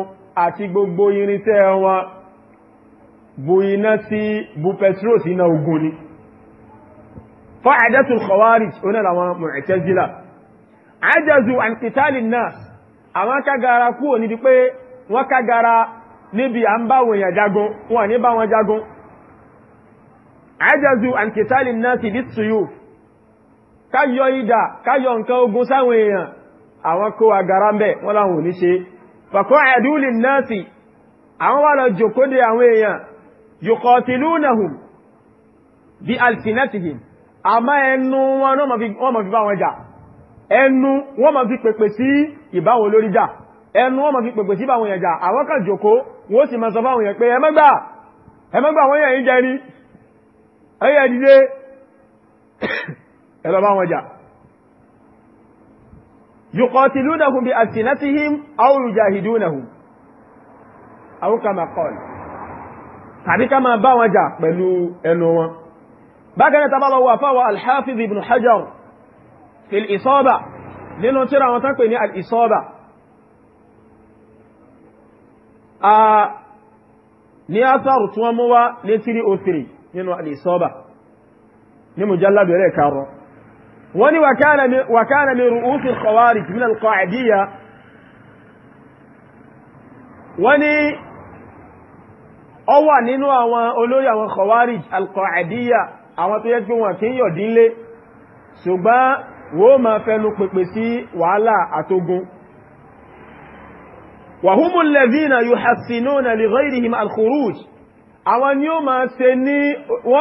àti gbogbo irinṣẹ́ wọn bu iná sí bu petros iná ogun ni fa'adatul khawarij oní àwọn mu'tazila ajazu an qitali nas àwọn káyọ ìdà káyọ nǹkan ogun sáwọn èèyàn àwọn kó agara ń wọ́n láwọn ní ṣe fàkọ́ ẹ̀dúlì àwọn wà lọ jòkóde àwọn èèyàn yuqatilunahum bí alsinatihim àmá ẹnu wọn wọ́n fi bá ẹnu wọ́n fi pèpè sí ẹnu wọ́n fi pèpè sí ìbáwọn èèyàn jà àwọn kan jòkó wọ́n sì sọ fáwọn èèyàn pé ẹmẹ́gbà ẹmẹ́gbà wọ́n yẹ̀ ń jẹ́ rí ẹ lọ bá wọn jà yuqatilunahum bi alsinatihim aw yujahidunahum aw kama qal tàbí ká máa bá wọn jà pẹ̀lú ẹnu wọn bákan náà tabalọ wà fáwọn alhafiz ibn hajar fil isaba nínú tírà wọn tán pè ní al-isaba a ní asáàrù tí wọ́n mú wá ní 303 nínú al-isaba ní mujalladu rẹ̀ karùn-ún wọ́n ni wàkánà min ru'usil khawarij min al-qa'idiyya wọ́n ni ọ wà nínú àwọn olórí àwọn khawarij al-qa'idiyya àwọn tó yẹ pé wọn kí ń yọ̀ dínlé ṣùgbọ́n wọ́n ma fẹnu pèpè sí wàhálà àtogun wàhúmù lẹ́zínà yóò hàsínú na lè rẹ́rì him al àwọn ni wọ́n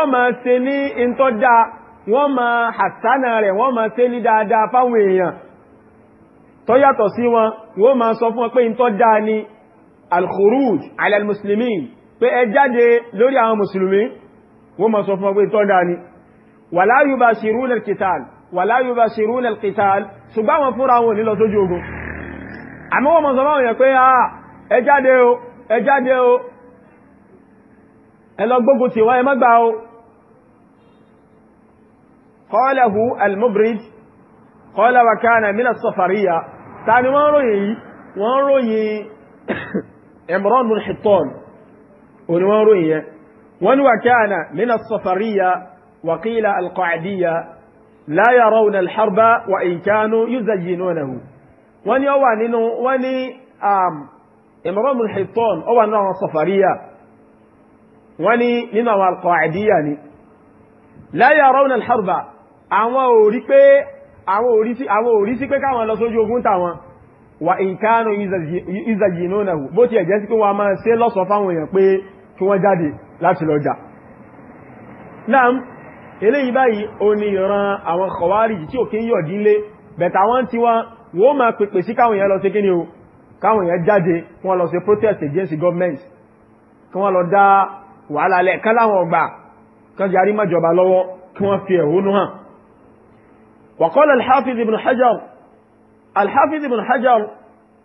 ma ṣe ní ìntọ́já wọ́n ma hasana rẹ̀ wọ́n ma ṣe ní dáadáa fáwọn èèyàn tó yàtọ̀ sí wọn wọ́n ma sọ fún wọn pé ìntọ́ dáa ni al-khuruj ala al-muslimin pé ẹ jáde lórí àwọn musulmi wọ́n ma sọ fún pé ìntọ́ dáa ni wala yubashiruna al ṣùgbọ́n fúnra wọn nílọ sójú ogun àmọ́ wọ́n ma sọ fáwọn èèyàn قاله المبرد قال وكان من الصفرية تعني وان روي وان روي عمران بن حطان وان روي وان وكان من الصفرية وقيل القعدية لا يرون الحرب وإن كانوا يزينونه وان يوان وان عمران بن حطان أو أنه الصفرية واني من القاعدية لا يرون الحرب àwọn ò rí pé àwọn ò rí sí pé káwọn lọ sójú ogun tàwọn wà ìkánu ìzàjìnà náà bó ti ẹ̀jẹ́ sí pé wọ́n máa ṣe lọ́sọ fáwọn èèyàn pé kí wọ́n jáde láti lọ jà náà eléyìí báyìí o ní ìran àwọn kọwárìjì tí ò kí ń yọ̀ dínlé bẹ̀tà wọ́n tí wọ́n wọ́n máa pèpè sí káwọn èèyàn lọ government kí wọ́n lọ dá wàhálà lẹ̀ kán láwọn ọgbà وقال الحافظ ابن حجر الحافظ ابن حجر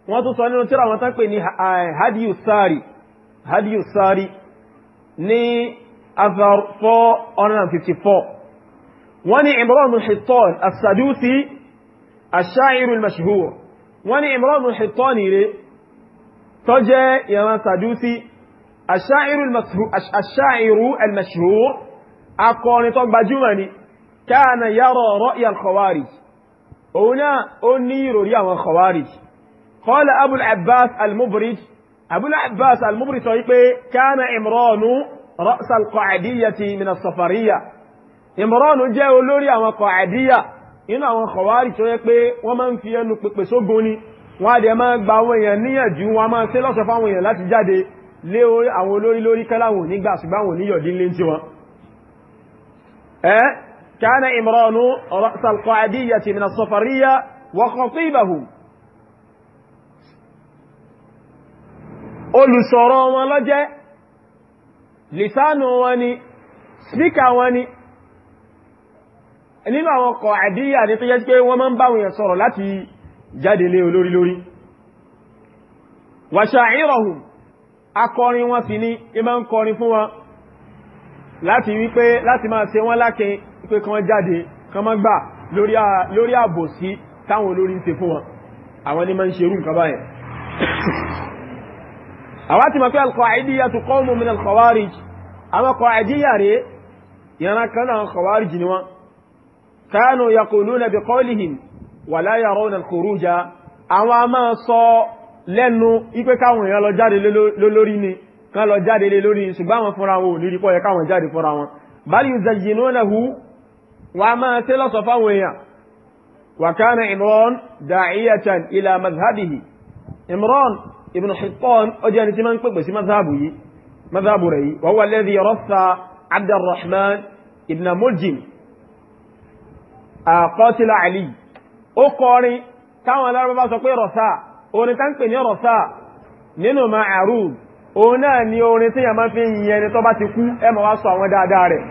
wọ́n tún sọ nínú tíra wọn tán pè ní eh, hadiyu sari hadiyu sari ní azar 454 wọ́n ní imran bin hittan as-sadusi ash-sha'iru al-mashhur wọ́n ní imran bin ire tó jẹ́ ìran sadusi ash mashhur akọrin tó gbajúmọ̀ ni kana yàrọ̀ rọ́yà khawarij òun náà ó ní ìròrí àwọn khawarij qala abul abbas al-mubrij abul abbas al-mubrij sọ wípé kana imranu rọ́sà al-qa'adiyyati min as-safariyya imranu jẹ́ olórí àwọn qa'adiyya inú àwọn khawarij tó yẹ pé wọ́n máa ń fi ẹnu pèpè sógun ni wọ́n á dẹ̀ máa gba àwọn èèyàn níyànjú wọn a máa ṣe lọ́sọ̀ fáwọn èèyàn láti jáde lé àwọn olórí lórí kẹ́láwọn nígbà ṣùgbọ́n àwọn oníyọ̀dí lé ń tiwọn كان إمران رأس القعدية من الصفرية وخطيبهم olùsọ̀rọ̀ wọn ló jẹ́ lìsánù wọn ni spíkà wọn ni nínú àwọn kọ̀ àdíyà ní tó jẹ́ pé wọ́n máa ń bá wọ̀nyẹ̀ sọ̀rọ̀ láti jáde lé olórí lórí wàṣà ìrọ̀hùn akọrin wọn sì ní ìmá ń kọrin fún wọn láti wípé láti máa ṣe wọ́n lákin pé kán jáde kán má gbà lórí àbòsí táwọn olórí ń ṣe fún wọn àwọn ni máa ń ṣe irú nǹkan báyẹn àwa ti mọ̀ pé al-Qa'idiyatu qawmun min al-Khawarij àwọn Qa'idiyya rèé ìran kan náà Khawarij ni wọn kanu yaquluna bi qawlihim wa la yarawna al-khuruja àwọn a máa sọ lẹ́nu ipé káwọn èèyàn lọ jáde lórí ni kán lọ jáde lórí ṣùgbọ́n àwọn fúnra wọn ò ní rí pọ́ yẹ káwọn jáde fúnra wọn bal yuzayyinunahu wà á máa ṣe lọ́sọ̀ fáwọn èèyàn wa kana imran da'iyatan ila mazhabihi imran ibn hittan ó jẹ́ ẹni tí máa ń pèpè sí mazhabu yìí mazhabu rẹ̀ yìí wa huwa alladhi rassa abdulrahman ibn muljim qatila ali ó kọrin táwọn alárabá sọ pé rọ̀sá orin tá ń pè ní rọ̀sá nínú ni orin tí yàmá fi yìn ẹni ti kú ẹ máa wá sọ àwọn dáadáa rẹ̀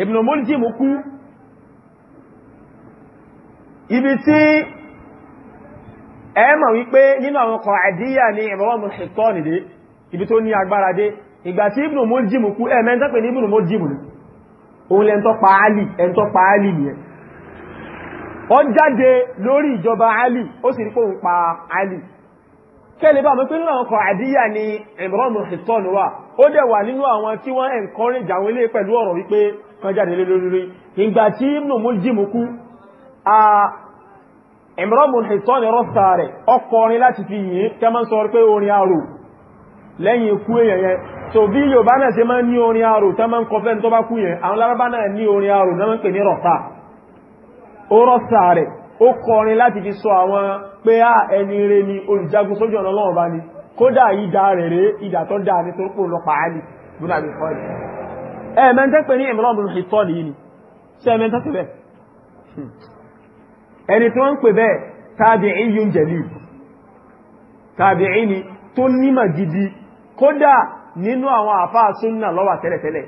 Ibn Muljim kú ibi tí ẹ mọ̀ wípé nínú àwọn kan àdíyà ní ìrọ̀mù ṣètọ́ nìdé ibi tó ní agbára dé ìgbà tí Ibn Muljim kú ẹ mẹ́ta pè ní Ibn Muljim ní òun lẹ́ntọ́ pa Àlì ẹ̀ntọ́ pa Àlì nìyẹn ó jáde lórí ìjọba Àlì ó sì rí pòun pa Àlì kẹ́lẹ̀ bá mọ́ pé nínú àwọn kan àdíyà ní ìrọ̀mù ṣètọ́ wà ó dẹ̀ wà nínú àwọn tí wọ́n encourage àwọn ilé pẹ̀lú ọ̀rọ̀ wípé kan jáde lé lórí ìgbà tí ibnu muljimu kú a Imran bin Hitan rọ́ta rẹ̀ ọkọrin láti fi yìí kẹ́ máa ń sọ pé orin arò lẹ́yìn ikú èèyàn so bí Yorùbá náà ṣe máa ń ní orin arò tẹ́ máa ń kọfẹ́ tó bá kú yẹn àwọn Lárúbá náà ní orin arò náà ń pè ní rọ́ta ó rọ́ta rẹ̀ ó kọrin ni olùjagun sójú ọ̀nà Ọlọ́run bá kódà ìdá rẹ̀ ìdà tó dáa ní tó pò lọ pàálì gbọ́nà àbíkọ́ ẹ̀mẹ́ntẹ́ pé ní Imran bin Hittan yìí ni ṣe ẹ̀mẹ́ntẹ́ pé bẹ́ẹ̀ ẹni tí wọ́n ń pè ni tó nímọ̀ gidi kódà nínú àwọn àfáà súnnà lọ́wà tẹ́lẹ̀tẹ́lẹ̀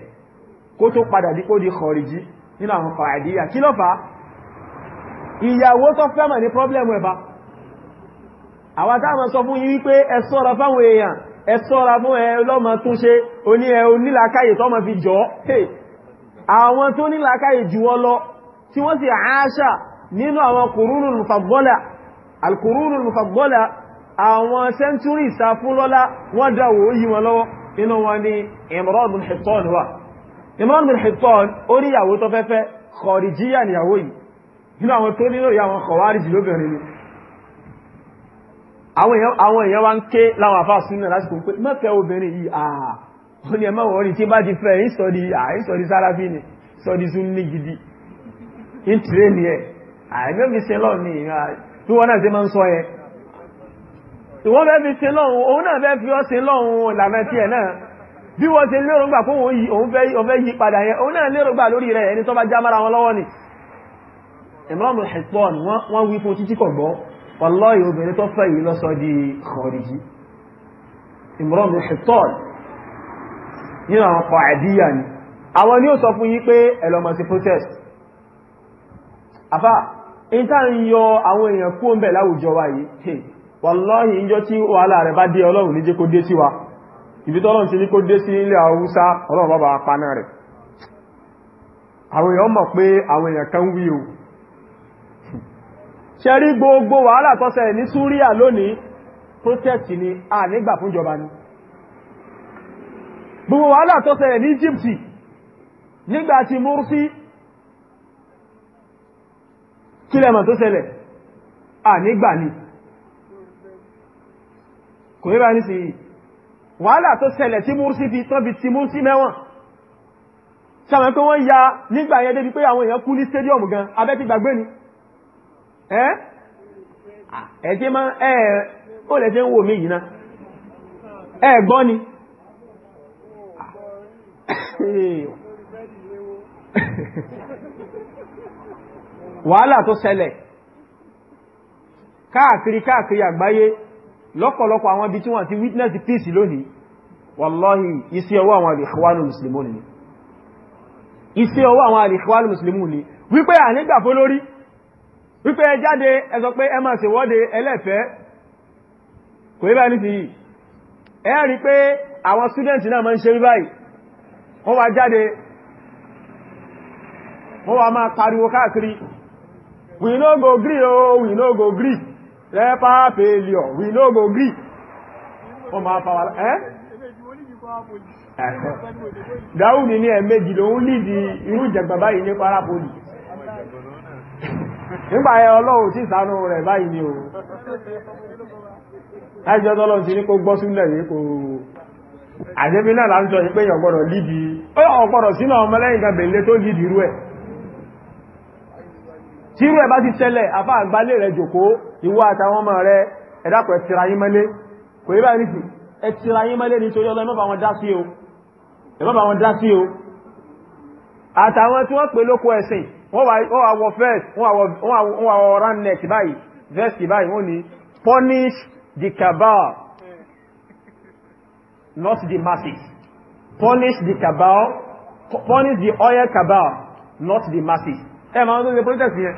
kó tó padà dí kó di kọ̀rìjí nínú àwọn fàádìyà kí ló fà ìyàwó tó fẹ́mọ̀ ní pọ́blẹ̀mù ẹ̀bá àwọn táwọn sọ fún yí wípé ẹ ṣọ́ra fáwọn ẹ sọ́ra fún ẹ lọ́mọ tún ṣe oní ẹ onílàákàyè tọ́mọ fi jọ àwọn tó nílàákàyè jù wọ́n lọ tí wọ́n sì àáṣà nínú àwọn kùrúnù mufagbọ́là alkùrúnù mufagbọ́là àwọn sẹ́ntúrì ìsáfúnlọ́lá wọ́n dáwò yí wọn lọ́wọ́ inú wọn ni Imran bin Hittan wà Imran bin Hittan ó ní ìyàwó àwọn èèyàn wá ń ké láwọn àfáà súnmọ̀ lásìkò pé mẹ́fẹ́ obìnrin yìí àà ó ní ẹmọ́ wọ́n rí tí bá ti fẹ́ ìsọ̀dí àìsọ̀dí sáráfí ni sọ̀dí súnmí gidi ń tìrẹ ní ẹ̀ àìmẹ́fì sílọ̀ ní ìhà tí wọ́n náà ti máa ń sọ ẹ ìwọ́n fẹ́ fi sílọ̀hún òun náà fẹ́ fi ọ́ sílọ̀hún ìlànà tí ẹ̀ náà bí wọ́n ti lérògbà fún òun fẹ́ yí padà yẹn òun náà lérògbà lórí rẹ̀ ẹni tó bá já mára wọn lọ́wọ́ ni ìmọ̀ràn ìpọ̀ ni wọ́n wí fún títí kọ̀gbọ́n wallahi obìnrin tó fẹ́ yìí lọ́sọ di kọ̀ọ̀rìjì Imran bin Hittan nínú àwọn ọkọ̀ àdíyà ni àwọn ni ó sọ fún yí pé ẹlọ́mọ̀ sí protest afá in tá ń yọ àwọn èèyàn kú ń bẹ̀ láwùjọ wa yìí wallahi ìjọ tí wàhálà rẹ̀ bá dé ọlọ́run níjẹ́ kó dé sí wa ibi tọ́lọ́run ti ní kó dé sí ilẹ̀ haúsá ọlọ́run bá bá paná rẹ̀ àwọn èèyàn mọ̀ pé àwọn èèyàn kan wí o ṣe rí gbogbo wàhálà tó ní súríà lónìí protest ni a nígbà fún ìjọba ni gbogbo wàhálà tó ní Egypt nígbà tí Morsi kílẹ̀mọ̀ tó ṣẹlẹ̀ a nígbà ni kò ní bá ní sí wàhálà tó ṣẹlẹ̀ tí Morsi fi tán bí ti Morsi mẹ́wọ̀n sàmẹ́ pé wọ́n ya nígbà yẹn débi pé àwọn èèyàn kú ní stadium gan abẹ́ ti gbàgbé ni ẹ́ ẹ̀ṣẹ́ máa ẹ̀ ó lẹ́ṣẹ́ ń wò mí yìí náà ẹ̀ gbọ́ ni wàhálà tó ṣẹlẹ̀ káàkiri káàkiri àgbáyé lọ́pọ̀lọpọ̀ àwọn ibi tí wọ́n ti witness peace lónìí wallahi isi ọwọ́ àwọn al-ikhwanul muslimun ni isi ọwọ́ àwọn al-ikhwanul muslimun ni wípé à nígbàfó lórí wípé ẹ jáde ẹ sọ pé ẹ máa ṣèwọ́de ẹlẹ́fẹ́ kò yí ní ti yìí ẹ rí pé àwọn students náà máa ń ṣe rí báyìí wọ́n wá jáde wọ́n wá máa pariwo káàkiri we no go gree o we no go gree rẹ́pá failure we no go gree wọ́n máa pàwà ẹ́ dáúdì ní ẹ̀mẹ́jì lòun lìdí irú ìjẹ̀gbà báyìí ní parapoli nígbà yẹn ọlọ́run tí ìsànú rẹ̀ báyìí ni o láìjọ́ tọ́lọ́run ti ní kó gbọ́ súnlẹ̀ yìí kò àjẹ́bí náà láńjọ yìí pé ọ̀gbọ́dọ̀ lídi ọ̀gbọ́dọ̀ sínú ọmọ lẹ́yìn kan bèèlé tó lídi irú ẹ̀ tí irú ẹ̀ bá ti ṣẹlẹ̀ afá àgbálẹ̀ rẹ̀ jòkó ìwọ àtàwọn ọmọ rẹ̀ ẹ̀dàpọ̀ ẹ̀tìrayín mọ́lé kò yí báyìí nìsí ẹ̀tìrayín mọ́lé nítorí ọlọ́ ẹ̀mọ́bà wọn dá sí o àtàwọn tí wọ́n pè lóko ẹ̀sìn wọ́n wà wọ first wọ́n wà wọ run next báyìí vest báyìí wọ́n ní punish the cabal not the masses punish the cabal punish the oil cabal not the masses ẹ ma wọ́n tó ṣe protest yẹn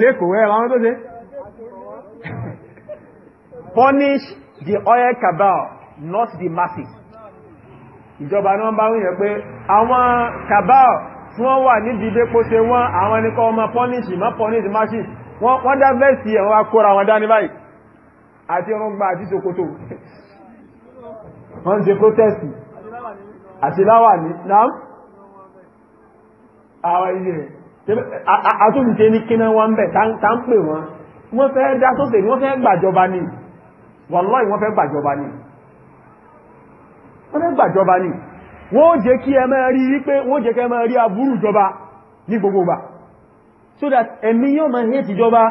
lẹ́kọ̀ọ́ ẹ ma wọ́n tó ṣe punish the oil cabal not the masses ìjọba náà bá wíyẹn pé àwọn cabal tí wọ́n wà ní dìde kó ṣe wọ́n àwọn ẹnikọ́ ọmọ pọ́nìṣì má pọ́nìṣì má ṣì wọ́n dá vẹ́ẹ̀sì ẹ̀wọ́n akóra wọn dání báyìí àti ọrọ̀gbà àti ṣòkòtò wọ́n ṣe protest àti láwà ní náà àwọn ilé rẹ̀ àtúnṣe ní kíná wọn bẹ̀ tá ń pè wọn wọ́n fẹ́ dá sóṣè wọ́n fẹ́ gbàjọba ní wọ́n lọ́ì wọ́n fẹ́ gbàjọba ní wọ́n jẹ́ kí ẹ máa rí wípé wọ́n jẹ́ kí ẹ máa rí aburú ìjọba ní gbogbo so that ẹ̀mí yóò máa hate ìjọba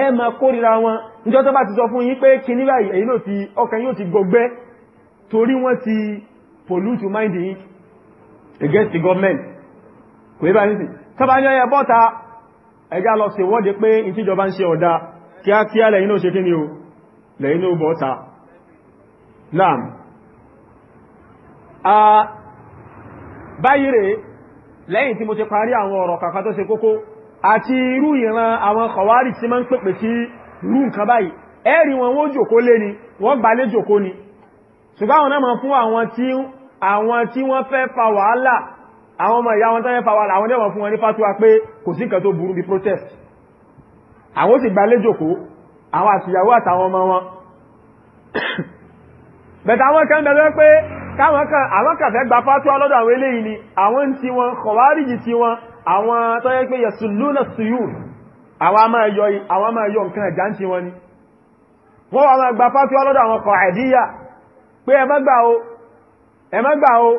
ẹ máa kórìíra wọn níjọ́ tó bá ti sọ fún yín pé kí ní báyìí èyí náà ti ọkàn yóò ti gbọgbẹ́ torí wọ́n ti pollute your mind against the government kò yẹ bá ní sí tọ́bá ní ọyẹ bọ́ta ẹgá lọ sí ìwọ́de pé ìtíjọba ń ṣe ọ̀dá kíákíá lẹ́yìn náà ṣe kí ni o lẹ́yìn náà bọ́ta láàmù báyìí rèé lẹ́yìn tí mo ti parí àwọn ọ̀rọ̀ kankan tó ṣe kókó àti irú ìran àwọn kọ̀wárì tí máa ń pèpè sí irú nǹkan báyìí ẹ̀rí wọn wọ́n jòkó lé ni wọ́n gbà lé jòkó ni ṣùgbọ́n àwọn náà máa fún àwọn tí àwọn tí wọ́n fẹ́ fa wàhálà àwọn ọmọ ìyá wọn tó fẹ́ fa protest àwọn sì gbà lé jòkó àwọn àtìyàwó bẹ̀tẹ̀ àwọn kan bẹ̀rẹ̀ pé káwọn kan àwọn kan fẹ́ gba fatuwa lọ́dọ̀ àwọn eléyìí ni àwọn ń tiwọn kọ̀wárìjì tiwọn àwọn tó yẹ pé yasuluna suyur àwọn máa yọ àwọn máa yọ nǹkan ẹ̀já ń tiwọn ni wọ́n wà máa gba fatuwa lọ́dọ̀ àwọn kọ̀ẹ̀díyà pé ẹ má gbà o ẹ má gbà o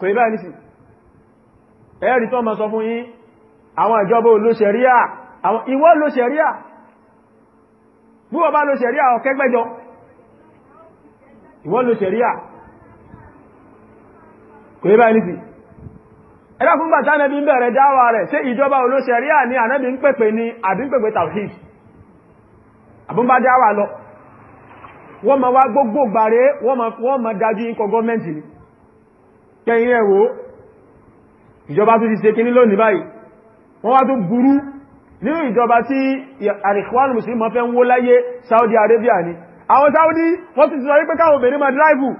kò ibá ní sí ẹ̀rì tó ma sọ fún yín àwọn ìjọba olóṣẹ̀ríà àwọn ìwọ olóṣẹ̀ríà búwọ̀ bá olóṣẹ̀ríà ọ̀kẹ́gbẹ́jọ ìwọ́n lo ṣẹ̀ríà kò yẹ báyìí nìsí ẹ̀dá fún bàtà nẹ́bí ń bẹ̀rẹ̀ dáwà rẹ̀ ṣé ìjọba oló ṣẹ̀ríà ní ànẹ́bí ń pèpè ní àbí ń pèpè tawhid àbúmbá dáwà lọ wọ́n ma wá gbogbo gbàrẹ́ ni kẹyìn ẹ̀wò ìjọba tó ti ṣe Saudi Arabia ni àwọn sáwọ́dí wọ́n ti sọ wípé káwọn obìnrin ma dráìbù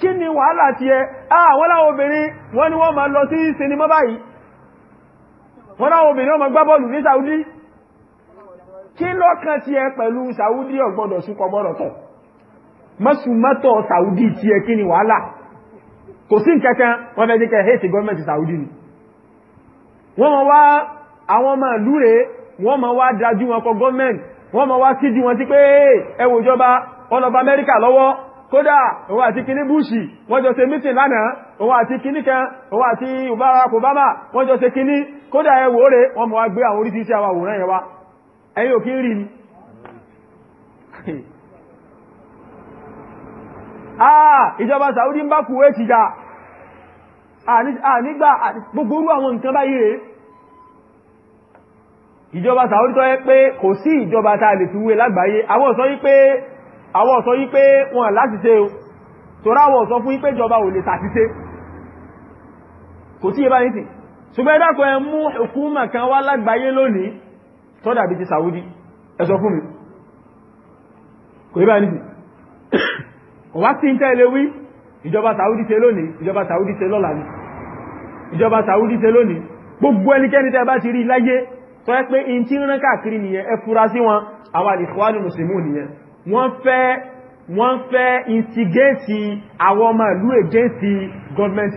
kí ni wàhálà ti ẹ àwọn ah, láwọn obìnrin wọ́n ni wọ́n ma lọ sí sinimá báyìí wọ́n láwọn obìnrin wọ́n ma gbá bọ́ọ̀lù ní sáwọ́dí kí lọ́kàn ti ẹ pẹ̀lú sáwọ́dí ọ̀gbọ́dọ̀ súnkọ gbọ́dọ̀ tọ̀ mọ́sùmọ́tọ̀ sáwọ́dí ti ẹ kí ni wàhálà kò sí nǹkankan wọ́n fẹ́ jẹ́ kẹ́ hẹ́sì gọ́ọ̀mẹ́ntì sáwọ́dí ni wọ́n ma wá àwọn wọ́n mọ̀ wá kíjì wọn sí pé ẹwò ìjọba ọlọ́ba amẹ́ríkà lọ́wọ́ kódà òun àti kíní bushi wọ́n jọ ṣe mítìn lánàá òun àti kíní kan òun àti Barack Obama wọ́n jọ ṣe kódà ẹwò rẹ̀ wọ́n mọ̀ wá gbé àwọn orí àwọn àwòrán ìjọba Saudi tó yẹ pé kò sí ìjọba tá a lè fi wé lágbàáyé àwọn sọ wípé àwọn sọ wípé wọn láti ṣe o torá àwọn sọ fún wípé ìjọba ò lè tàti ṣe kò tí ìbá nítì ṣùgbọ́n ẹ mú hukuma kan wá lágbàáyé lónìí tó Saudi ẹ sọ fún mi kò ìbá nítì wá sí tẹ́lẹ̀ Saudi ṣe lónìí Saudi ṣe lọ́la ni ìjọba Saudi ṣe lónìí gbogbo ẹnikẹ́ni tẹ́ bá ti rí láyé tó yẹ pé in tí ń rán káàkiri nìyẹn ẹ fura sí wọn àwọn àlìkọ́wàlù mùsùlùmù nìyẹn wọ́n fẹ́ wọ́n fẹ́ instigate àwọn ọmọ ìlú against government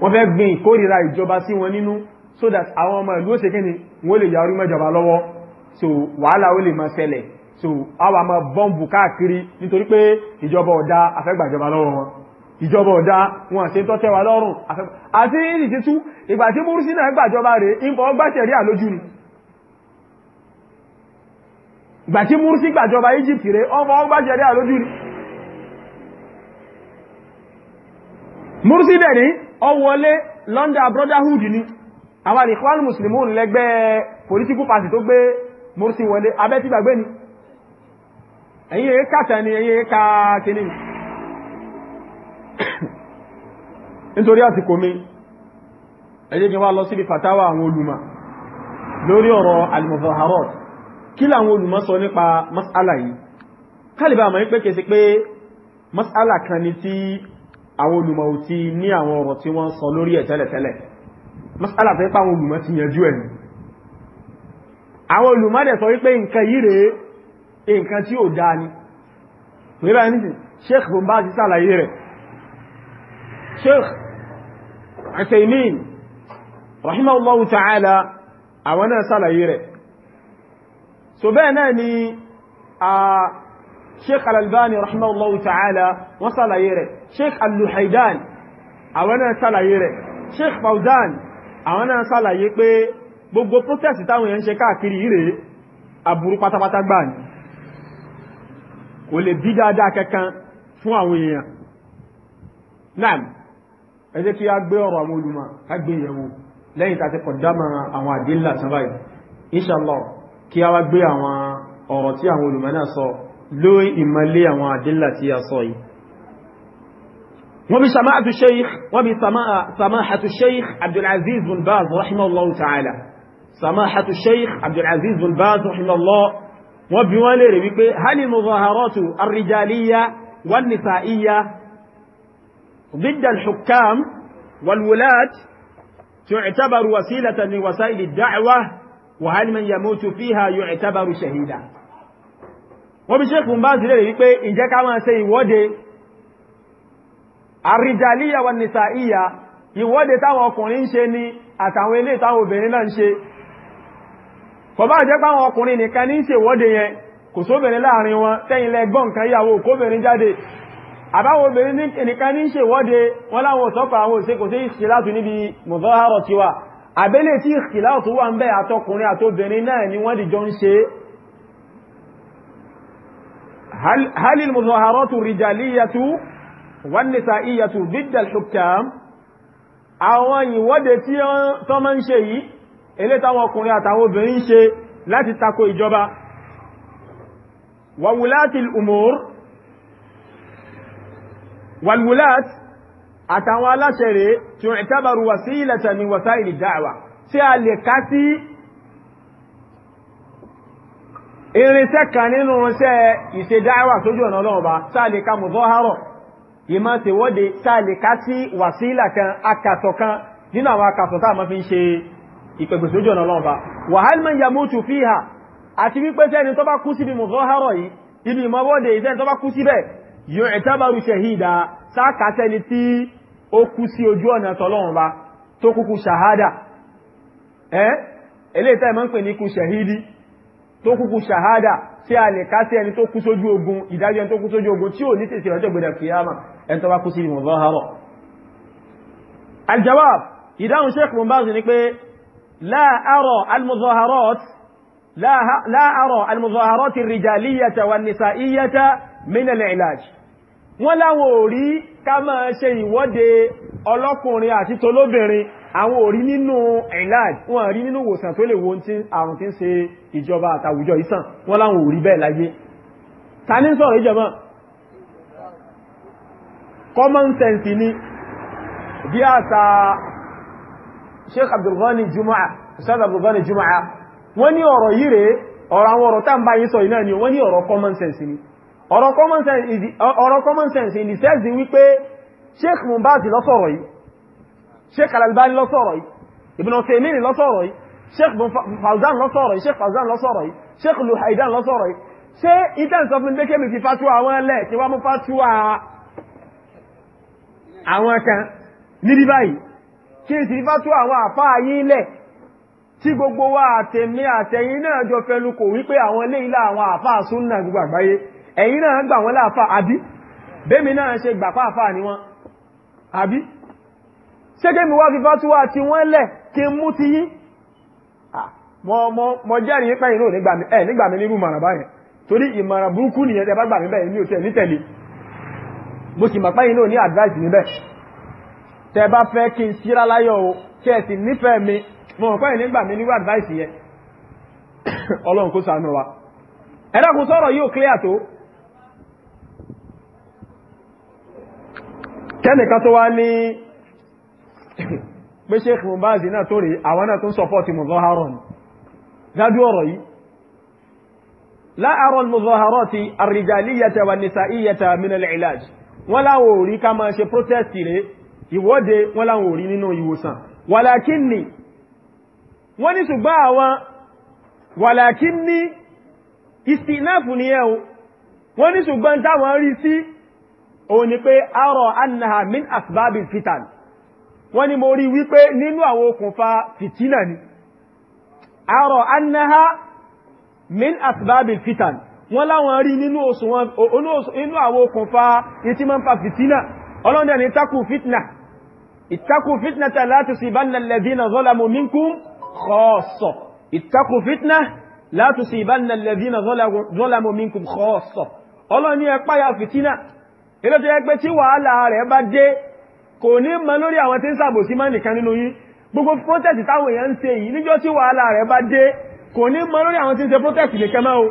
wọ́n fẹ́ gbin ìkórìíra ìjọba sí wọn nínú so that àwọn ọmọ ìlú òṣèké ni wọ́n lè yàrú mẹ́jọba lọ́wọ́ so wàhálà ó lè máa ṣẹlẹ̀ so àwọn ọmọ bọ́ǹbù káàkiri nítorí pé ìjọba ọ̀dá afẹ́gbàjọba lọ́wọ́ wọn ìjọba ọ̀dá wọn àti tó tẹ́wà lọ́rùn àti ìrìtítú ìgbà tí múrúsí náà gbàjọba rẹ̀ ìbọn gbàṣẹ̀rí àlójú ni ìgbà tí múrúsí gbàjọba Egypt rẹ̀ ọmọ gbàṣẹ̀rí àlójú ni múrúsí bẹ̀rẹ̀ ọwọlé London Brotherhood ni àwọn Ikhwan Muslimun lẹ́gbẹ́ political party tó gbé múrúsí wọlé abẹ́ ti gbàgbé ni ẹ̀yìn ẹ̀ka tẹ̀ ni ẹ̀yìn nítorí àsìkò mi ẹ jẹ́ kí wá lọ síbi fatawa àwọn olùmọ̀ lórí ọ̀rọ̀ al-muzaharat kí làwọn olùmọ̀ sọ nípa mas'ala yìí kálìbà àmà pé kèsí pé mas'ala kan ni tí àwọn olùmọ̀ ò ti ní àwọn ọ̀rọ̀ tí wọ́n sọ lórí ẹ̀ tẹ́lẹ̀tẹ́lẹ̀ mas'ala tó ń pa àwọn olùmọ̀ ti yanjú ẹ̀ àwọn olùmọ̀ dẹ̀ sọ wípé nǹkan yìí rèé nǹkan tí ò dáa ni pẹ̀lú ẹni Sheikh Bin Baz ti ṣàlàyé sheikh Usaimin rahimahullahu ta'ala àwọn náà sàlàyé rẹ̀ so bẹ́ẹ̀ náà ni a sheikh al-Albani rahimahullahu ta'ala wọ́n sàlàyé rẹ̀ sheikh al-Luhaidan àwọn náà sàlàyé rẹ̀ sheikh Fawzan àwọn náà sàlàyé pé gbogbo protest táwọn èèyàn ṣe káàkiri ire aburú pátápátá gbà kò lè bí dáadáa kankan fún àwọn èèyàn náà ẹ jẹ́ kí a gbé ọ̀rọ̀ àwọn olùmọ̀ ká gbé yẹ̀wò lẹ́yìn tàti kọ̀dámà àwọn àdílà tán báyìí inshallah kí a wá gbé àwọn ọ̀rọ̀ tí àwọn olùmọ̀ náà sọ lórí ìmọ̀lé àwọn àdílà tí a sọ yìí wọ́n bí sama'atu sheikh wọ́n bí sama'atu sheikh abdulaziz bin baz ضد الحكام والولاة تعتبر وسيلة من وسائل الدعوة وهل من يموت فيها يعتبر شهيدا wọ́n bí ṣékù ń bá sílẹ̀ rí pé ìjẹ́ ká máa ṣe ìwọ́de àrídàlíyà wà nìsà ìyà ìwọ́de táwọn ọkùnrin ń ṣe ní àtàwọn ilé táwọn obìnrin náà ń ṣe kò bá jẹ́ páwọn ọkùnrin nìkan ní ṣe ìwọ́de yẹn kò sóbìnrin láàrin wọn tẹ́yìnlẹ́gbọ́n kan yàwó kóbìnrin jáde àbáwọn obìnrin nìkan ní ṣèwọ́de wọ́n láwọn sọ́pọ̀ àwọn òṣèkò sí ìṣìlátù níbi mọ̀zọ́hárọ̀ tiwa àbẹ́lẹ̀ tí ìṣìlátù wà ń bẹ́ àtọkùnrin àtobìnrin náà ni wọ́n dìjọ ń ṣe halil mọ̀zọ́hárọ̀tù rìjàlíyàtù wọ́n nìsa iyàtù bídàl hukam àwọn ìwọ́de tí wọ́n máa ń ṣe yìí elé táwọn ọkùnrin àtàwọn obìnrin umur walwulat àtàwọn aláṣẹ rẹ̀ tí ó ìtàbàrù wasilatan min wasaili da'wa tí a lè ká sí irinṣẹ́ kan nínú iṣẹ́ ìṣẹ́dáwà sójú ọ̀nà ọlọ́ọ̀bá sáàlẹ̀ká mọ̀zọ́hárọ̀ ìmá ti wọ́de sáàlẹ̀ká sí wàsílà kan akàtọ̀ kan nínú àwọn akàtọ̀ tá ma fi sójú ọ̀nà ọlọ́ọ̀bá wàhálmà yamutu fíhà àti mọ̀zọ́hárọ̀ yìí ibi ìmọ̀wọ́de ìsẹ́ni tó bá kú yóò ẹ̀tàbàrù ṣẹ̀hídà sákàtẹ́ni tí ó kú sí ojú ọ̀nà tọ́lọ́run bá tó kúkú ṣàhádà ẹ́ eléyìí tẹ́ mọ́ ń pè ní kú ṣẹ̀hídì tó kúkú ṣàhádà tí a lè kásí ẹni tó kú sójú ogun ìdájọ́ ẹni tó kú sójú ogun tí ò ní tètè ọjọ́ gbẹ̀dẹ̀ kìyàmà ẹni tó bá kú sí ìmọ̀ lọ́hárọ̀ aljawab ìdáhùn sheikh mumbaz ni pé la ara al-muzaharat la ara al-muzaharat mínẹ̀lẹ̀ ìlàjì wọ́n láwọn òrí ká máa ṣe ìwọ́de ọlọ́kùnrin àti tolóbìnrin àwọn òrí nínú ìlàjì wọ́n rí nínú wòsàn tó lè wo tí àrùn tí ń ṣe ìjọba àtàwùjọ ìsàn wọ́n láwọn òrí bẹ́ẹ̀ láyé ta ní Juma'a Sheikh Abdulghani Juma'a wọ́n ní ọ̀rọ̀ yìí rèé ọ̀rọ̀ àwọn ọ̀rọ̀ tá ń bá wọ́n ní ọ̀rọ̀ common sense ni ọ̀rọ̀ common sense ọ̀rọ̀ common sense in the sense in wípé sheikh mumbazi lọ́sọ̀rọ̀ yìí sheikh alalbani lọ́sọ̀rọ̀ yìí ibn osemini lọ́sọ̀rọ̀ yìí sheikh fauzan lọ́sọ̀rọ̀ yìí sheikh fauzan lọ́sọ̀rọ̀ yìí sheikh luhaidan lọ́sọ̀rọ̀ yìí ṣé itan sọ fún dékèmí fi fatuwa àwọn ẹlẹ́ kí wá mú fatuwa àwọn kan níbi báyìí kí n sì fatuwa àwọn àfáà yìí lẹ̀ tí gbogbo wa àtẹ̀mí àtẹ̀yìn náà jọ fẹnukò wípé àwọn ẹ̀yin náà gbà wọ́n láàfà àbí bẹ́mi náà ṣe gbà fáàfà ni wọn àbí ṣe kí mi wá fi fátúwà tí wọ́n lẹ̀ kí mú ti yí mọ jẹ́rìí pẹ́ inú nígbà mi nírú màrà báyẹn torí ìmàrà burúkú nìyẹn bá gbà mi ẹ̀dàkùn yóò clear kẹ́nìkan tó wá ní pé Sheikh Mubaz náà tó rí àwọn náà tó ń sọpọ́tì muzaharon gádú ọ̀rọ̀ yìí láàárọ̀ muzaharati arrijaliyata wa nisa'iyata min al-ilaj wọ́n láwọn orí ká máa ṣe protest rẹ̀ ìwọ́de wọ́n láwọn òun ni pé arọ annaha min asbabil fitan wọ́n ni mo rí wípé nínú àwọn okùnfà fìtínà ni arọ annaha min asbabil fitan wọ́n láwọn rí nínú àwọn okùnfà ìtí ma ń fa fìtínà ọlọ́dẹ̀ ni takù fitna ìtakù fitna ta la tusibanna alladhina zalamu minkum khassa ìtakù fitna la tusibanna alladhina zalamu minkum khassa ọlọ́ni ẹ páyà ilé tó yẹ pé tí wàhálà rẹ̀ bá dé kò ní mọ lórí àwọn tí ń sàbòsí má nìkan nínú yín gbogbo protest táwọn èèyàn ń ṣe yìí níjọ́ tí wàhálà rẹ̀ bá dé kò ní mọ lórí àwọn tí ń ṣe protest lè kẹ́mọ́ o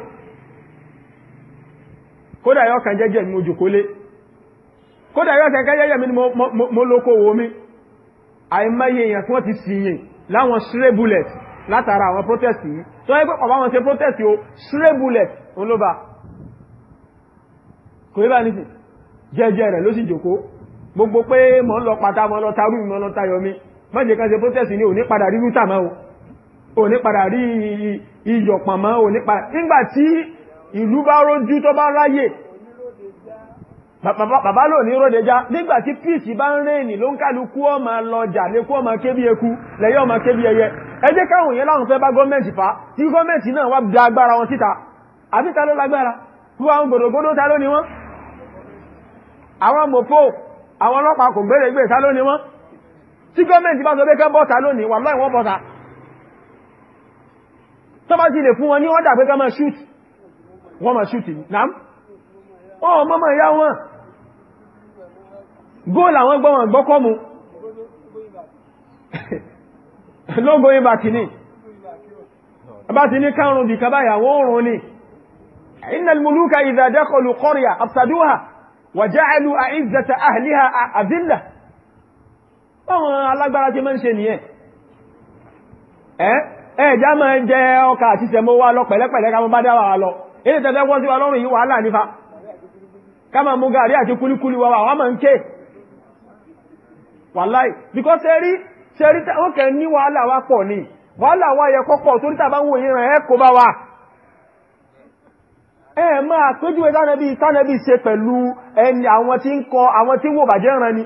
kódà yọ kàn jẹ́jẹ́ mi ojú kólé kódà yọ kàn jẹ́jẹ́ mi mo lókòwò mi àìmọye èèyàn tí wọ́n ti sìyìn láwọn stray bullet látara àwọn protest yìí tó yẹ pé ọ̀bá wọn ṣe protest o stray bullet ń ló bá kò yẹ bá nísìnyí jẹ́jẹ́ rẹ̀ ló sì jòkó gbogbo pé mọ́ lọ pátá mọ́ lọ tarú mọ́ lọ tayọ mi má jẹ́ kan ṣe protest ní òní padà rí rúta mọ́ òní padà rí iyọ̀pọ̀ mọ́ òní padà nígbà tí ìlú bá rójú tó bá ráyè bàbá lò ní ròde já nígbà tí píìsì bá ń rẹ́ẹ̀nì ló ń kálukú ọmọ lọjà lékú ọmọ kébí eku lẹ́yìn ọmọ kébí ẹyẹ ẹ jẹ́ káwọn yẹn láwọn fẹ́ bá gọ́ọ̀mẹ̀ntì fà tí gọ́ọ̀mẹ̀ntì náà wá gba agbára wọn síta àbí ta ló lágbára wọ́n àwọn gbòdògbòdò ta ló ni wọ́n àwọn mọ̀pọ̀ àwọn ọlọ́pàá kò gbére gbé ìta lónìí wọ́n tí gọ́ọ̀mẹ̀ntì bá sọ pé kán bọ́ta lónìí wà láì wọ́n bọ́ta tó bá ti lè fún wọn ní ọ́dà pé kán máa shoot wọ́n máa shoot nám ọ̀ mọ́mọ̀ ìyá wọn góòlù àwọn gbọ́wọ̀n gbọ́kọ́ mu lógo ibà kìíní bá ti ní kárùn-ún bìkan báyà wọ́n rùn ní innal muluka idha dakhalu qarya afsaduha wàjáàlú àìzẹta àhìlíhà àdílà báwọn alágbára tí mọ́ ń ṣe nìyẹn ẹ̀ẹ́já máa ń jẹ ọkà àti sẹmọ́ wá lọ pẹ̀lẹ́pẹ̀lẹ́ ká mọ́ bá dáwà lọ ilé tẹ́tẹ́ wọ́n sí wa lọ́rùn yìí wàhálà nífa ká máa mú gàrí àti kúlíkúlí wa wà máa ń ké ẹ máa péjúwe tánàbí tánàbí ṣe pẹ̀lú ẹni àwọn tí ń kọ àwọn tí wò bàjẹ́ ràn ní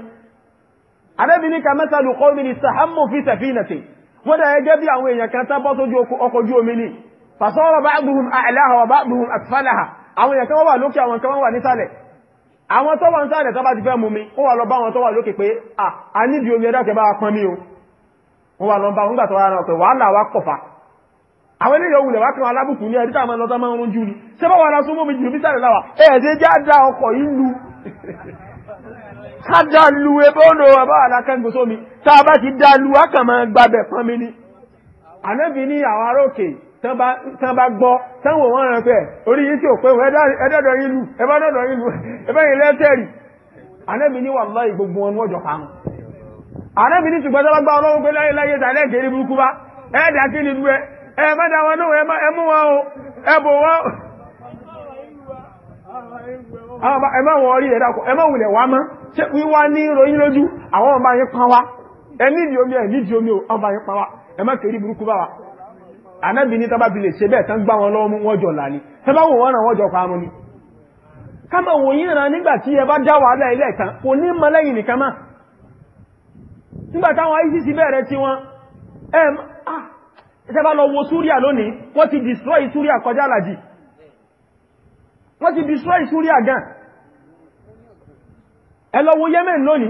Ànábì ní ka matalu qawmin istahammu fi safinatin wọ́n dá ẹgẹ́ bí àwọn èèyàn kan tábọ́ sójú ọkọ̀ ojú omi ní fasara ba'duhum a'laha wa ba'duhum asfalaha àwọn èèyàn kan wà lókè àwọn kan wà nísàlẹ̀ àwọn tó wà nísàlẹ̀ tó bá ti fẹ́ mú àwọn ilé ìyọ̀wù lẹ̀wà kan alábùkù ní ẹ̀dítà máa lọ́tọ́ máa ń rúnjú ni ṣe bá wà lásọ mọ́ méjì lóbi sáré láwà ẹ̀ẹ́dẹ́ já dá ọkọ̀ ìlú ká dá lu ẹbọ́ ọ̀nà ọba alákẹ́gbò sómi tá a bá ti dá lu ákà máa gbabẹ̀ pọ́n mi ni ànábì ní àwọn aróòkè tán bá gbọ́ táwọn wọn rẹ̀ pẹ̀ orí yìí tí ò pé ẹ̀dẹ́dọ̀ ìlú ẹ̀bọ́dọ̀dọ̀ ìlú ẹ̀bẹ́yìn ẹ má wọn lóhùn ẹ mú wọn o ẹ wọn. ẹ má mọ́ ní ròyìn lójú àwọn ọba pa wá omi omi o ọba yín pa wá ẹ má burúkú bá wa. ànábì ní tábàbí lè ṣe bẹ́ẹ̀ tán gbá wọn lọ́wọ́ jọ wò wọ́n jọ pa mọ́ ni. wò yín nígbà tí ẹ bá já kò ní mọ lẹ́yìn nìkan mọ́. nígbà táwọn ICC bẹ̀rẹ̀ ẹ̀ ah ìṣẹ́bá lọ wo Súríà lónìí wọ́n ti destroy Súríà kọjá àlàjì wọ́n ti destroy Súríà gan ẹ lọ wo Yemen lónìí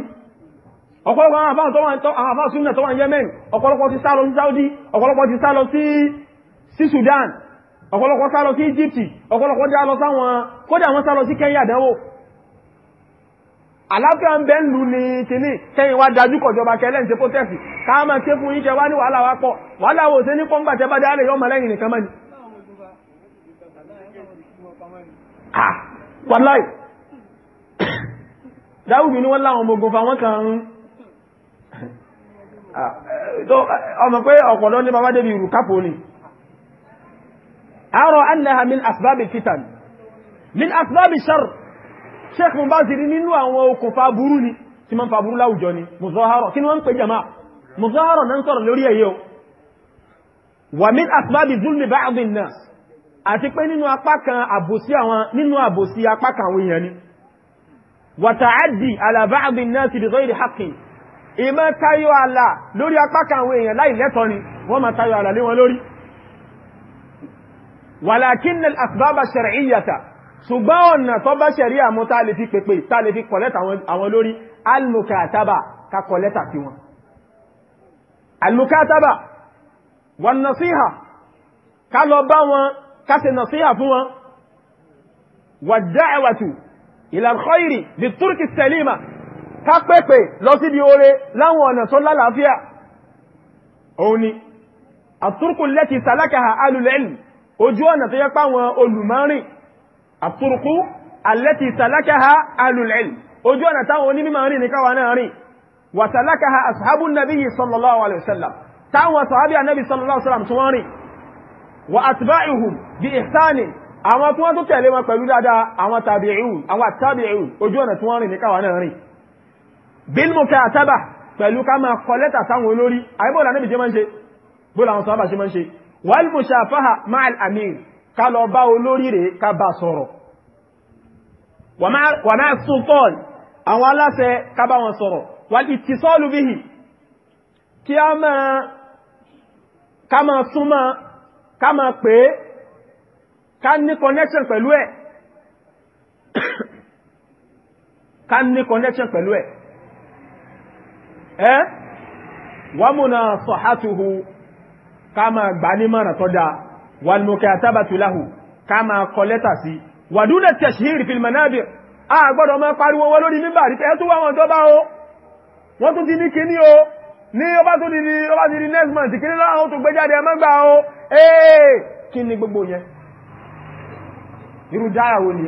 ọ̀pọ̀lọpọ̀ àwọn àbá súnmọ̀ tó wà Yemen ọ̀pọ̀lọpọ̀ ti sálọ sí Saudi ọ̀pọ̀lọpọ̀ ti sálọ sí Sudan ọ̀pọ̀lọpọ̀ sálọ sí Egypt ọ̀pọ̀lọpọ̀ dá lọ sáwọn kódà wọ́n sálọ sí Kenya dánwò àlàáfíà ń bẹ́ ń lù ní kìíní kẹ́yìn wá dájú kọ̀jọba kẹ́lẹ́ ń ṣe pọ́tẹ́sì ká máa ké fún yín kẹ́ wá ní wàhálà wá pọ̀ wàhálà wò ṣe ní pọ́ngbà tẹ́ bá dé àlè yọmọ lẹ́yìn nìkan mọ́ni. wàláì dáwùdù ni wọ́n láwọn ọmọ ogun fa wọ́n kàn ń ọmọ pé ọ̀pọ̀lọ́ ní bàbá débi ìrù kápò ni àárọ̀ annaha min asbábi fitan min asbábi sharr sheikh mubazir nínú àwọn okùnfà burú ni tí ma ń fa burú láwùjọ ni muzahara kí ni wọ́n ń pè jama muzahara náà ń sọ̀rọ̀ lórí ẹ̀yẹ́ o wà min asbabi zulmi ba'dhin nas àti pé nínú apá kan àbòsí àwọn nínú àbòsí apá kan àwọn èèyàn ni wa ta'addi ala ba'dhin nas bi ghayri haqqin ìmọ̀ tayọ àlà lórí apá kan àwọn èèyàn láì lẹ́tọ̀ọ́ ni wọ́n ma tayọ àlà lé wọn lórí walakin al asbaba shar'iyyata ṣùgbọ́n ọ̀nà tó bá ṣẹ̀rí àmú tá lè fi pèpè tá lè fi kọ̀lẹ́tà àwọn lórí al-mukataba ká kọ̀lẹ́tà sí wọn al-mukataba wọn nasiha ká lọ bá wọn ká ṣe nasiha fún wọn wà da'watu ila al-khayri bi turki ká pèpè lọ síbi oore láwọn ọ̀nà tó lálàáfíà àtúrùkú alẹ́tì sàlákàá alùlẹ́n ojú ọ̀nà táwọn onímọ̀ rìn ní káwà náà rìn wà sàlákàá ashabu nabiyyi sallallahu alaihi wasallam táwọn sàhábí anábi sallallahu alaihi wasallam tí wọ́n rìn wà atba'uhum bi ihsanin àwọn tí wọ́n tó tẹ̀lé wọn pẹ̀lú dáadáa àwọn tabi'un àwọn tabi'un ojú ọ̀nà tí wọ́n rìn ní káwà náà rìn bil wal mushafaha ma'al amir ká lọ bá olórí rẹ̀ ká bá sọ̀rọ̀ wà máa sultan àwọn aláṣẹ ká bá wọn sọ̀rọ̀ wal ittisalu bihi kí a máa ká máa súnmọ́ ká máa pè é ká ní connection pẹ̀lú ẹ̀ ká ní connection pẹ̀lú ẹ̀ ẹ́ wa munasahatuhu ká máa gbà ní mọ̀ràn tó walmukatabatu lahu ká máa kọ lẹ́tà sí wàdúnà tashhir fil manabir a gbọ́dọ̀ máa pariwo wọ́n lórí mímbà rí pẹ́ẹ́tù wọn tó bá o wọ́n tún ti ní kíní o ní ọba tó dìdí ọba dìdí next month kíní láwọn tó gbéjáde ẹmọ́gbà o ee kí ni gbogbo yẹn irú dáyàwó ni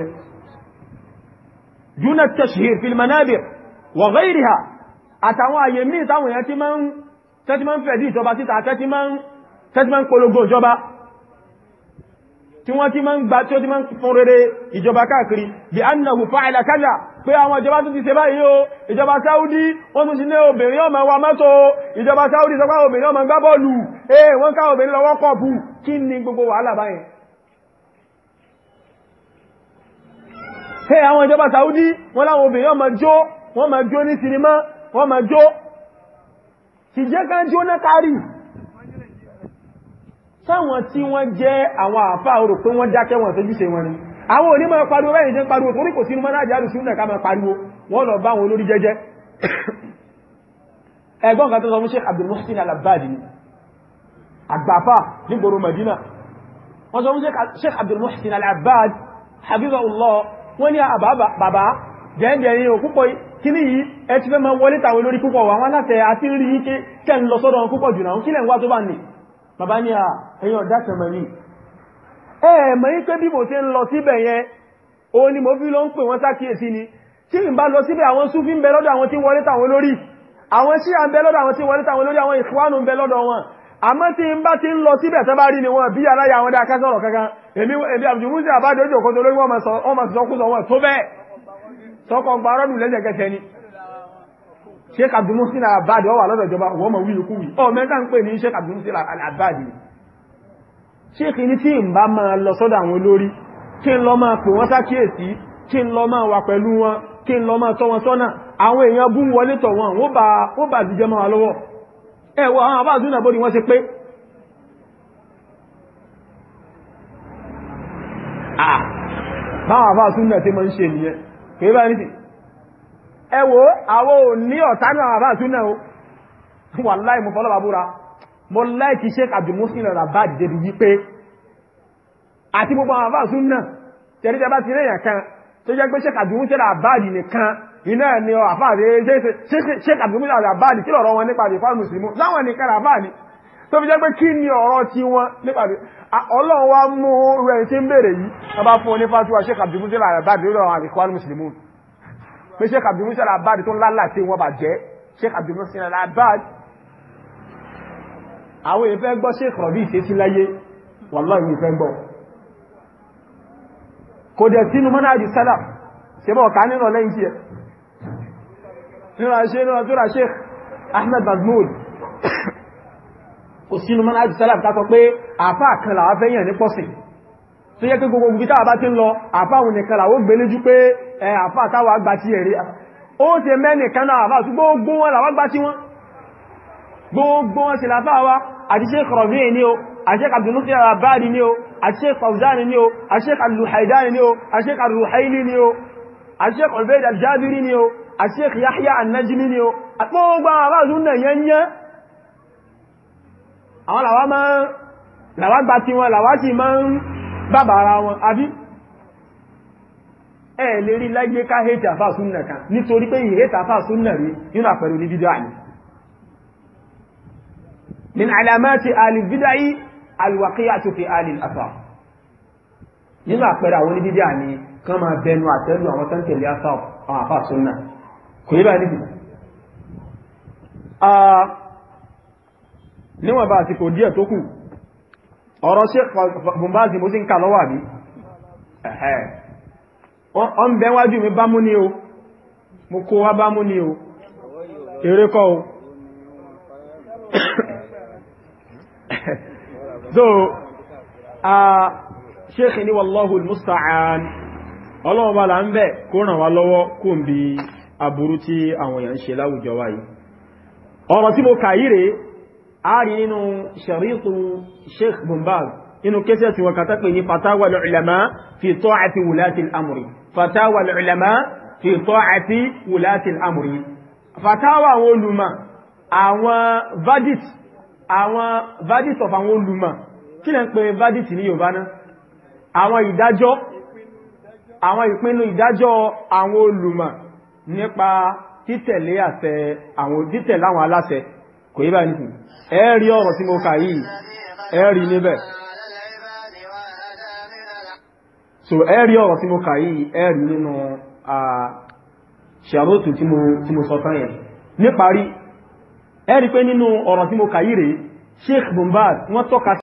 tí wọ́n ti máa ń gba tí ó ti máa ń fún rere ìjọba káàkiri bí annahu fa'ala kaza pé àwọn ìjọba tún ti ṣe báyìí o ìjọba Saudi wọ́n tún ti ní obìnrin ọmọ wa mọ́tò ìjọba Saudi sọpá obìnrin ọmọ gbá bọ́ọ̀lù ee wọ́n ká obìnrin lọ́wọ́ kọ̀ọ̀bù kí ni gbogbo wàhálà báyìí hey àwọn ìjọba sáwọn tí wọ́n jẹ́ àwọn àfá orò pé wọ́n dákẹ́ wọn fẹ́júṣe wọn ni àwọn òní máa pariwo bẹ́ẹ̀ jẹ́ pariwo torí kò sínú mọ́nà àjálù sínú ẹ̀ká máa pariwo wọ́n lọ bá wọn olórí jẹ́jẹ́ ẹgbọ́n kan tó sọ fún Sheikh Abdul Muhsin Al-Abbadi ni àgbàfà nígboro Madina wọ́n sọ fún Sheikh Abdul Muhsin Al-Abbadi habibullah wọ́n ní àbá ah, bàbá jẹ́ẹ̀dẹ̀ to ò púpọ̀ kíní yìí ẹ ti fẹ́ máa wọlé tàwọn olórí púpọ̀ wà wọ́n látẹ̀ àti rí kẹ́ ń lọ sọ́dọ̀ wọn púpọ̀ jù náà kílẹ̀ ń wá tó bá nìí bàbá ní à ẹ̀yìn ọ̀dá tẹ̀mọ̀ ní ẹ̀ mọ̀ ní pé bí mo ṣe ń lọ síbẹ̀ yẹn o ni mo fi lọ ń pè wọ́n sákìyèsí ni tí n bá lọ síbẹ̀ àwọn súnfí ń bẹ lọ́dọ̀ àwọn tí wọlé tàwọn lórí àwọn síyà ń bẹ lọ́dọ̀ àwọn tí wọlé tàwọn lórí àwọn ìfúwánù ń bẹ lọ́dọ̀ wọn àmọ́ tí n bá ti ń lọ síbẹ̀ tẹ́ bá rí ni wọn bí aláya àwọn dáa kásọ̀rọ̀ kankan èmi èmi àbùjù múzi àbájọ́jọ́ kan tó lórí wọn máa sọ wọn tó bẹ́ẹ̀ sọkọ̀ gbàrọ́dù lẹ́jẹ̀kẹsẹ̀ ni sheikh abdulmusin al-abadi ọwà lọ́dọ̀ wọ́n mọ̀ wíyí ọ mẹ́ta ń pè ní sheikh abdulmusin al sheikh ní tí ń bá lọ sọ́dọ̀ àwọn olórí kí n lọ máa pè wọ́n sákíyèsí kí n lọ máa wà pẹ̀lú wọn kí n wọn sọ́nà àwọn èèyàn bú wọlé tọ̀ wọn wọ́n bá jíjẹ lọ́wọ́ ẹ̀wọ̀ ẹ wò àwọn ò ní ọ̀tánú àwọn àbá àtúnà o wàláhì mo fọ́lọ́ bàbúra mo láìkí Sheikh Abdul Muhsin Al-Abbad débi wípé àti gbogbo àwọn àbá àtúnà tẹ̀lítẹ̀ bá ti rí èèyàn kan tó jẹ́ pé Sheikh Abdul Muhsin Al-Abbad nìkan iná ni ọ àfáàdé Sheikh Abdul Muhsin Al-Abbad kí lọ́rọ̀ wọn nípa àdìfà mùsùlùmù láwọn nìkan àbáàdì tó fi jẹ́ pé kí ni ọ̀rọ̀ tí wọ́n nípa bí ọlọ́run wá mú rẹ̀ tí ń bèèrè yìí wọ́n bá fún onífàtúwà Sheikh Abdul Muhsin Al-Abbad lórí àwọn àdìfà mùsùlùmù pé sheikh abdul musa labadi tó ń lálàtí wọn bà jẹ́ sheikh abdul musa labadi àwọn èèyàn fẹ́ gbọ́ sheikh rọ̀bí ìṣesí láyé wallahi ìwé fẹ́ gbọ́ kò dẹ̀ sínú mọ́nàdì sálà ṣe mọ́ ọ̀ká nínú lẹ́yìn tí ẹ nínú sheikh ahmed mahmoud kò sínú mọ́nàdì sálà ká pé àfáà kan làwọn fẹ́ yàn ní pọ́sìn tó yẹ pé gbogbo ibi táwà bá ti ń lọ àfá òun nìkan làwó gbéléjú pé ẹ àfá táwà gba ti ẹ̀rẹ́ ó ti mẹ́nìkan náà àfá gbogbo wọn làwá gba ti wọn gbogbo wa àti Sheikh Rabi' ni o àti Sheikh Abdul Nasir Al-Abadi ni o àti Sheikh Fawzan ni o àti Sheikh Al-Luhaydani ni o àti Sheikh Al-Ruhaili ni o àti àwọn làwá gba ti wọn làwá sì máa ń bàbá ara wọn àbí ẹ lè rí láyé ká hẹ́tì àfà súnnà kan nítorí pé ìhẹ́tì àfà súnnà rí nínú àpẹẹrẹ oníbídá àní min alamati alìbídá yí alìwàkíyà tó fi alìlàfà nínú àpẹẹrẹ àwọn oníbídá àní kan máa bẹnu àtẹ́lù àwọn tán tẹ̀lé súnnà kò yí bá níbi níwọ̀n bá àsìkò díẹ̀ tó kù ọrọ ṣe bùnbáàzì mo sí ń kà lọ́wọ́ àbí ẹ̀ẹ́ wájú mi ní o mo kó so a ní musta'an ń kó ràn wá lọ́wọ́ kó ń bí aburú tí àwọn èèyàn ààrí nínú ṣàríkù sheikh bumbag inú kéṣẹ́ tí wọ́n kàtà pé ní fatawa al-ulama fi ta'ati wulati al-amri fatawa al-ulama fi ta'ati wulati al-amri fatawa àwọn olùmọ̀ àwọn verdict àwọn verdict of àwọn olùmọ̀ kí lẹ́ ń pè verdict ní yorùbá náà àwọn ìpinnu ìdájọ́ àwọn olùmọ̀ nípa títẹ̀lé àwọn títẹ̀lé kò yí báyìí nìsìn ẹ̀rí ọ̀rọ̀ tí mo kà yìí ẹ̀rí níbẹ̀ so ẹ̀rí ọ̀rọ̀ tí mo kà yìí ẹ̀rí nínú ṣàrótù tí mo sọ tán yẹn níparí ẹ̀rí pé nínú ọ̀rọ̀ tí mo kà yìí rèé Sheikh Bin wọ́n tọ́ka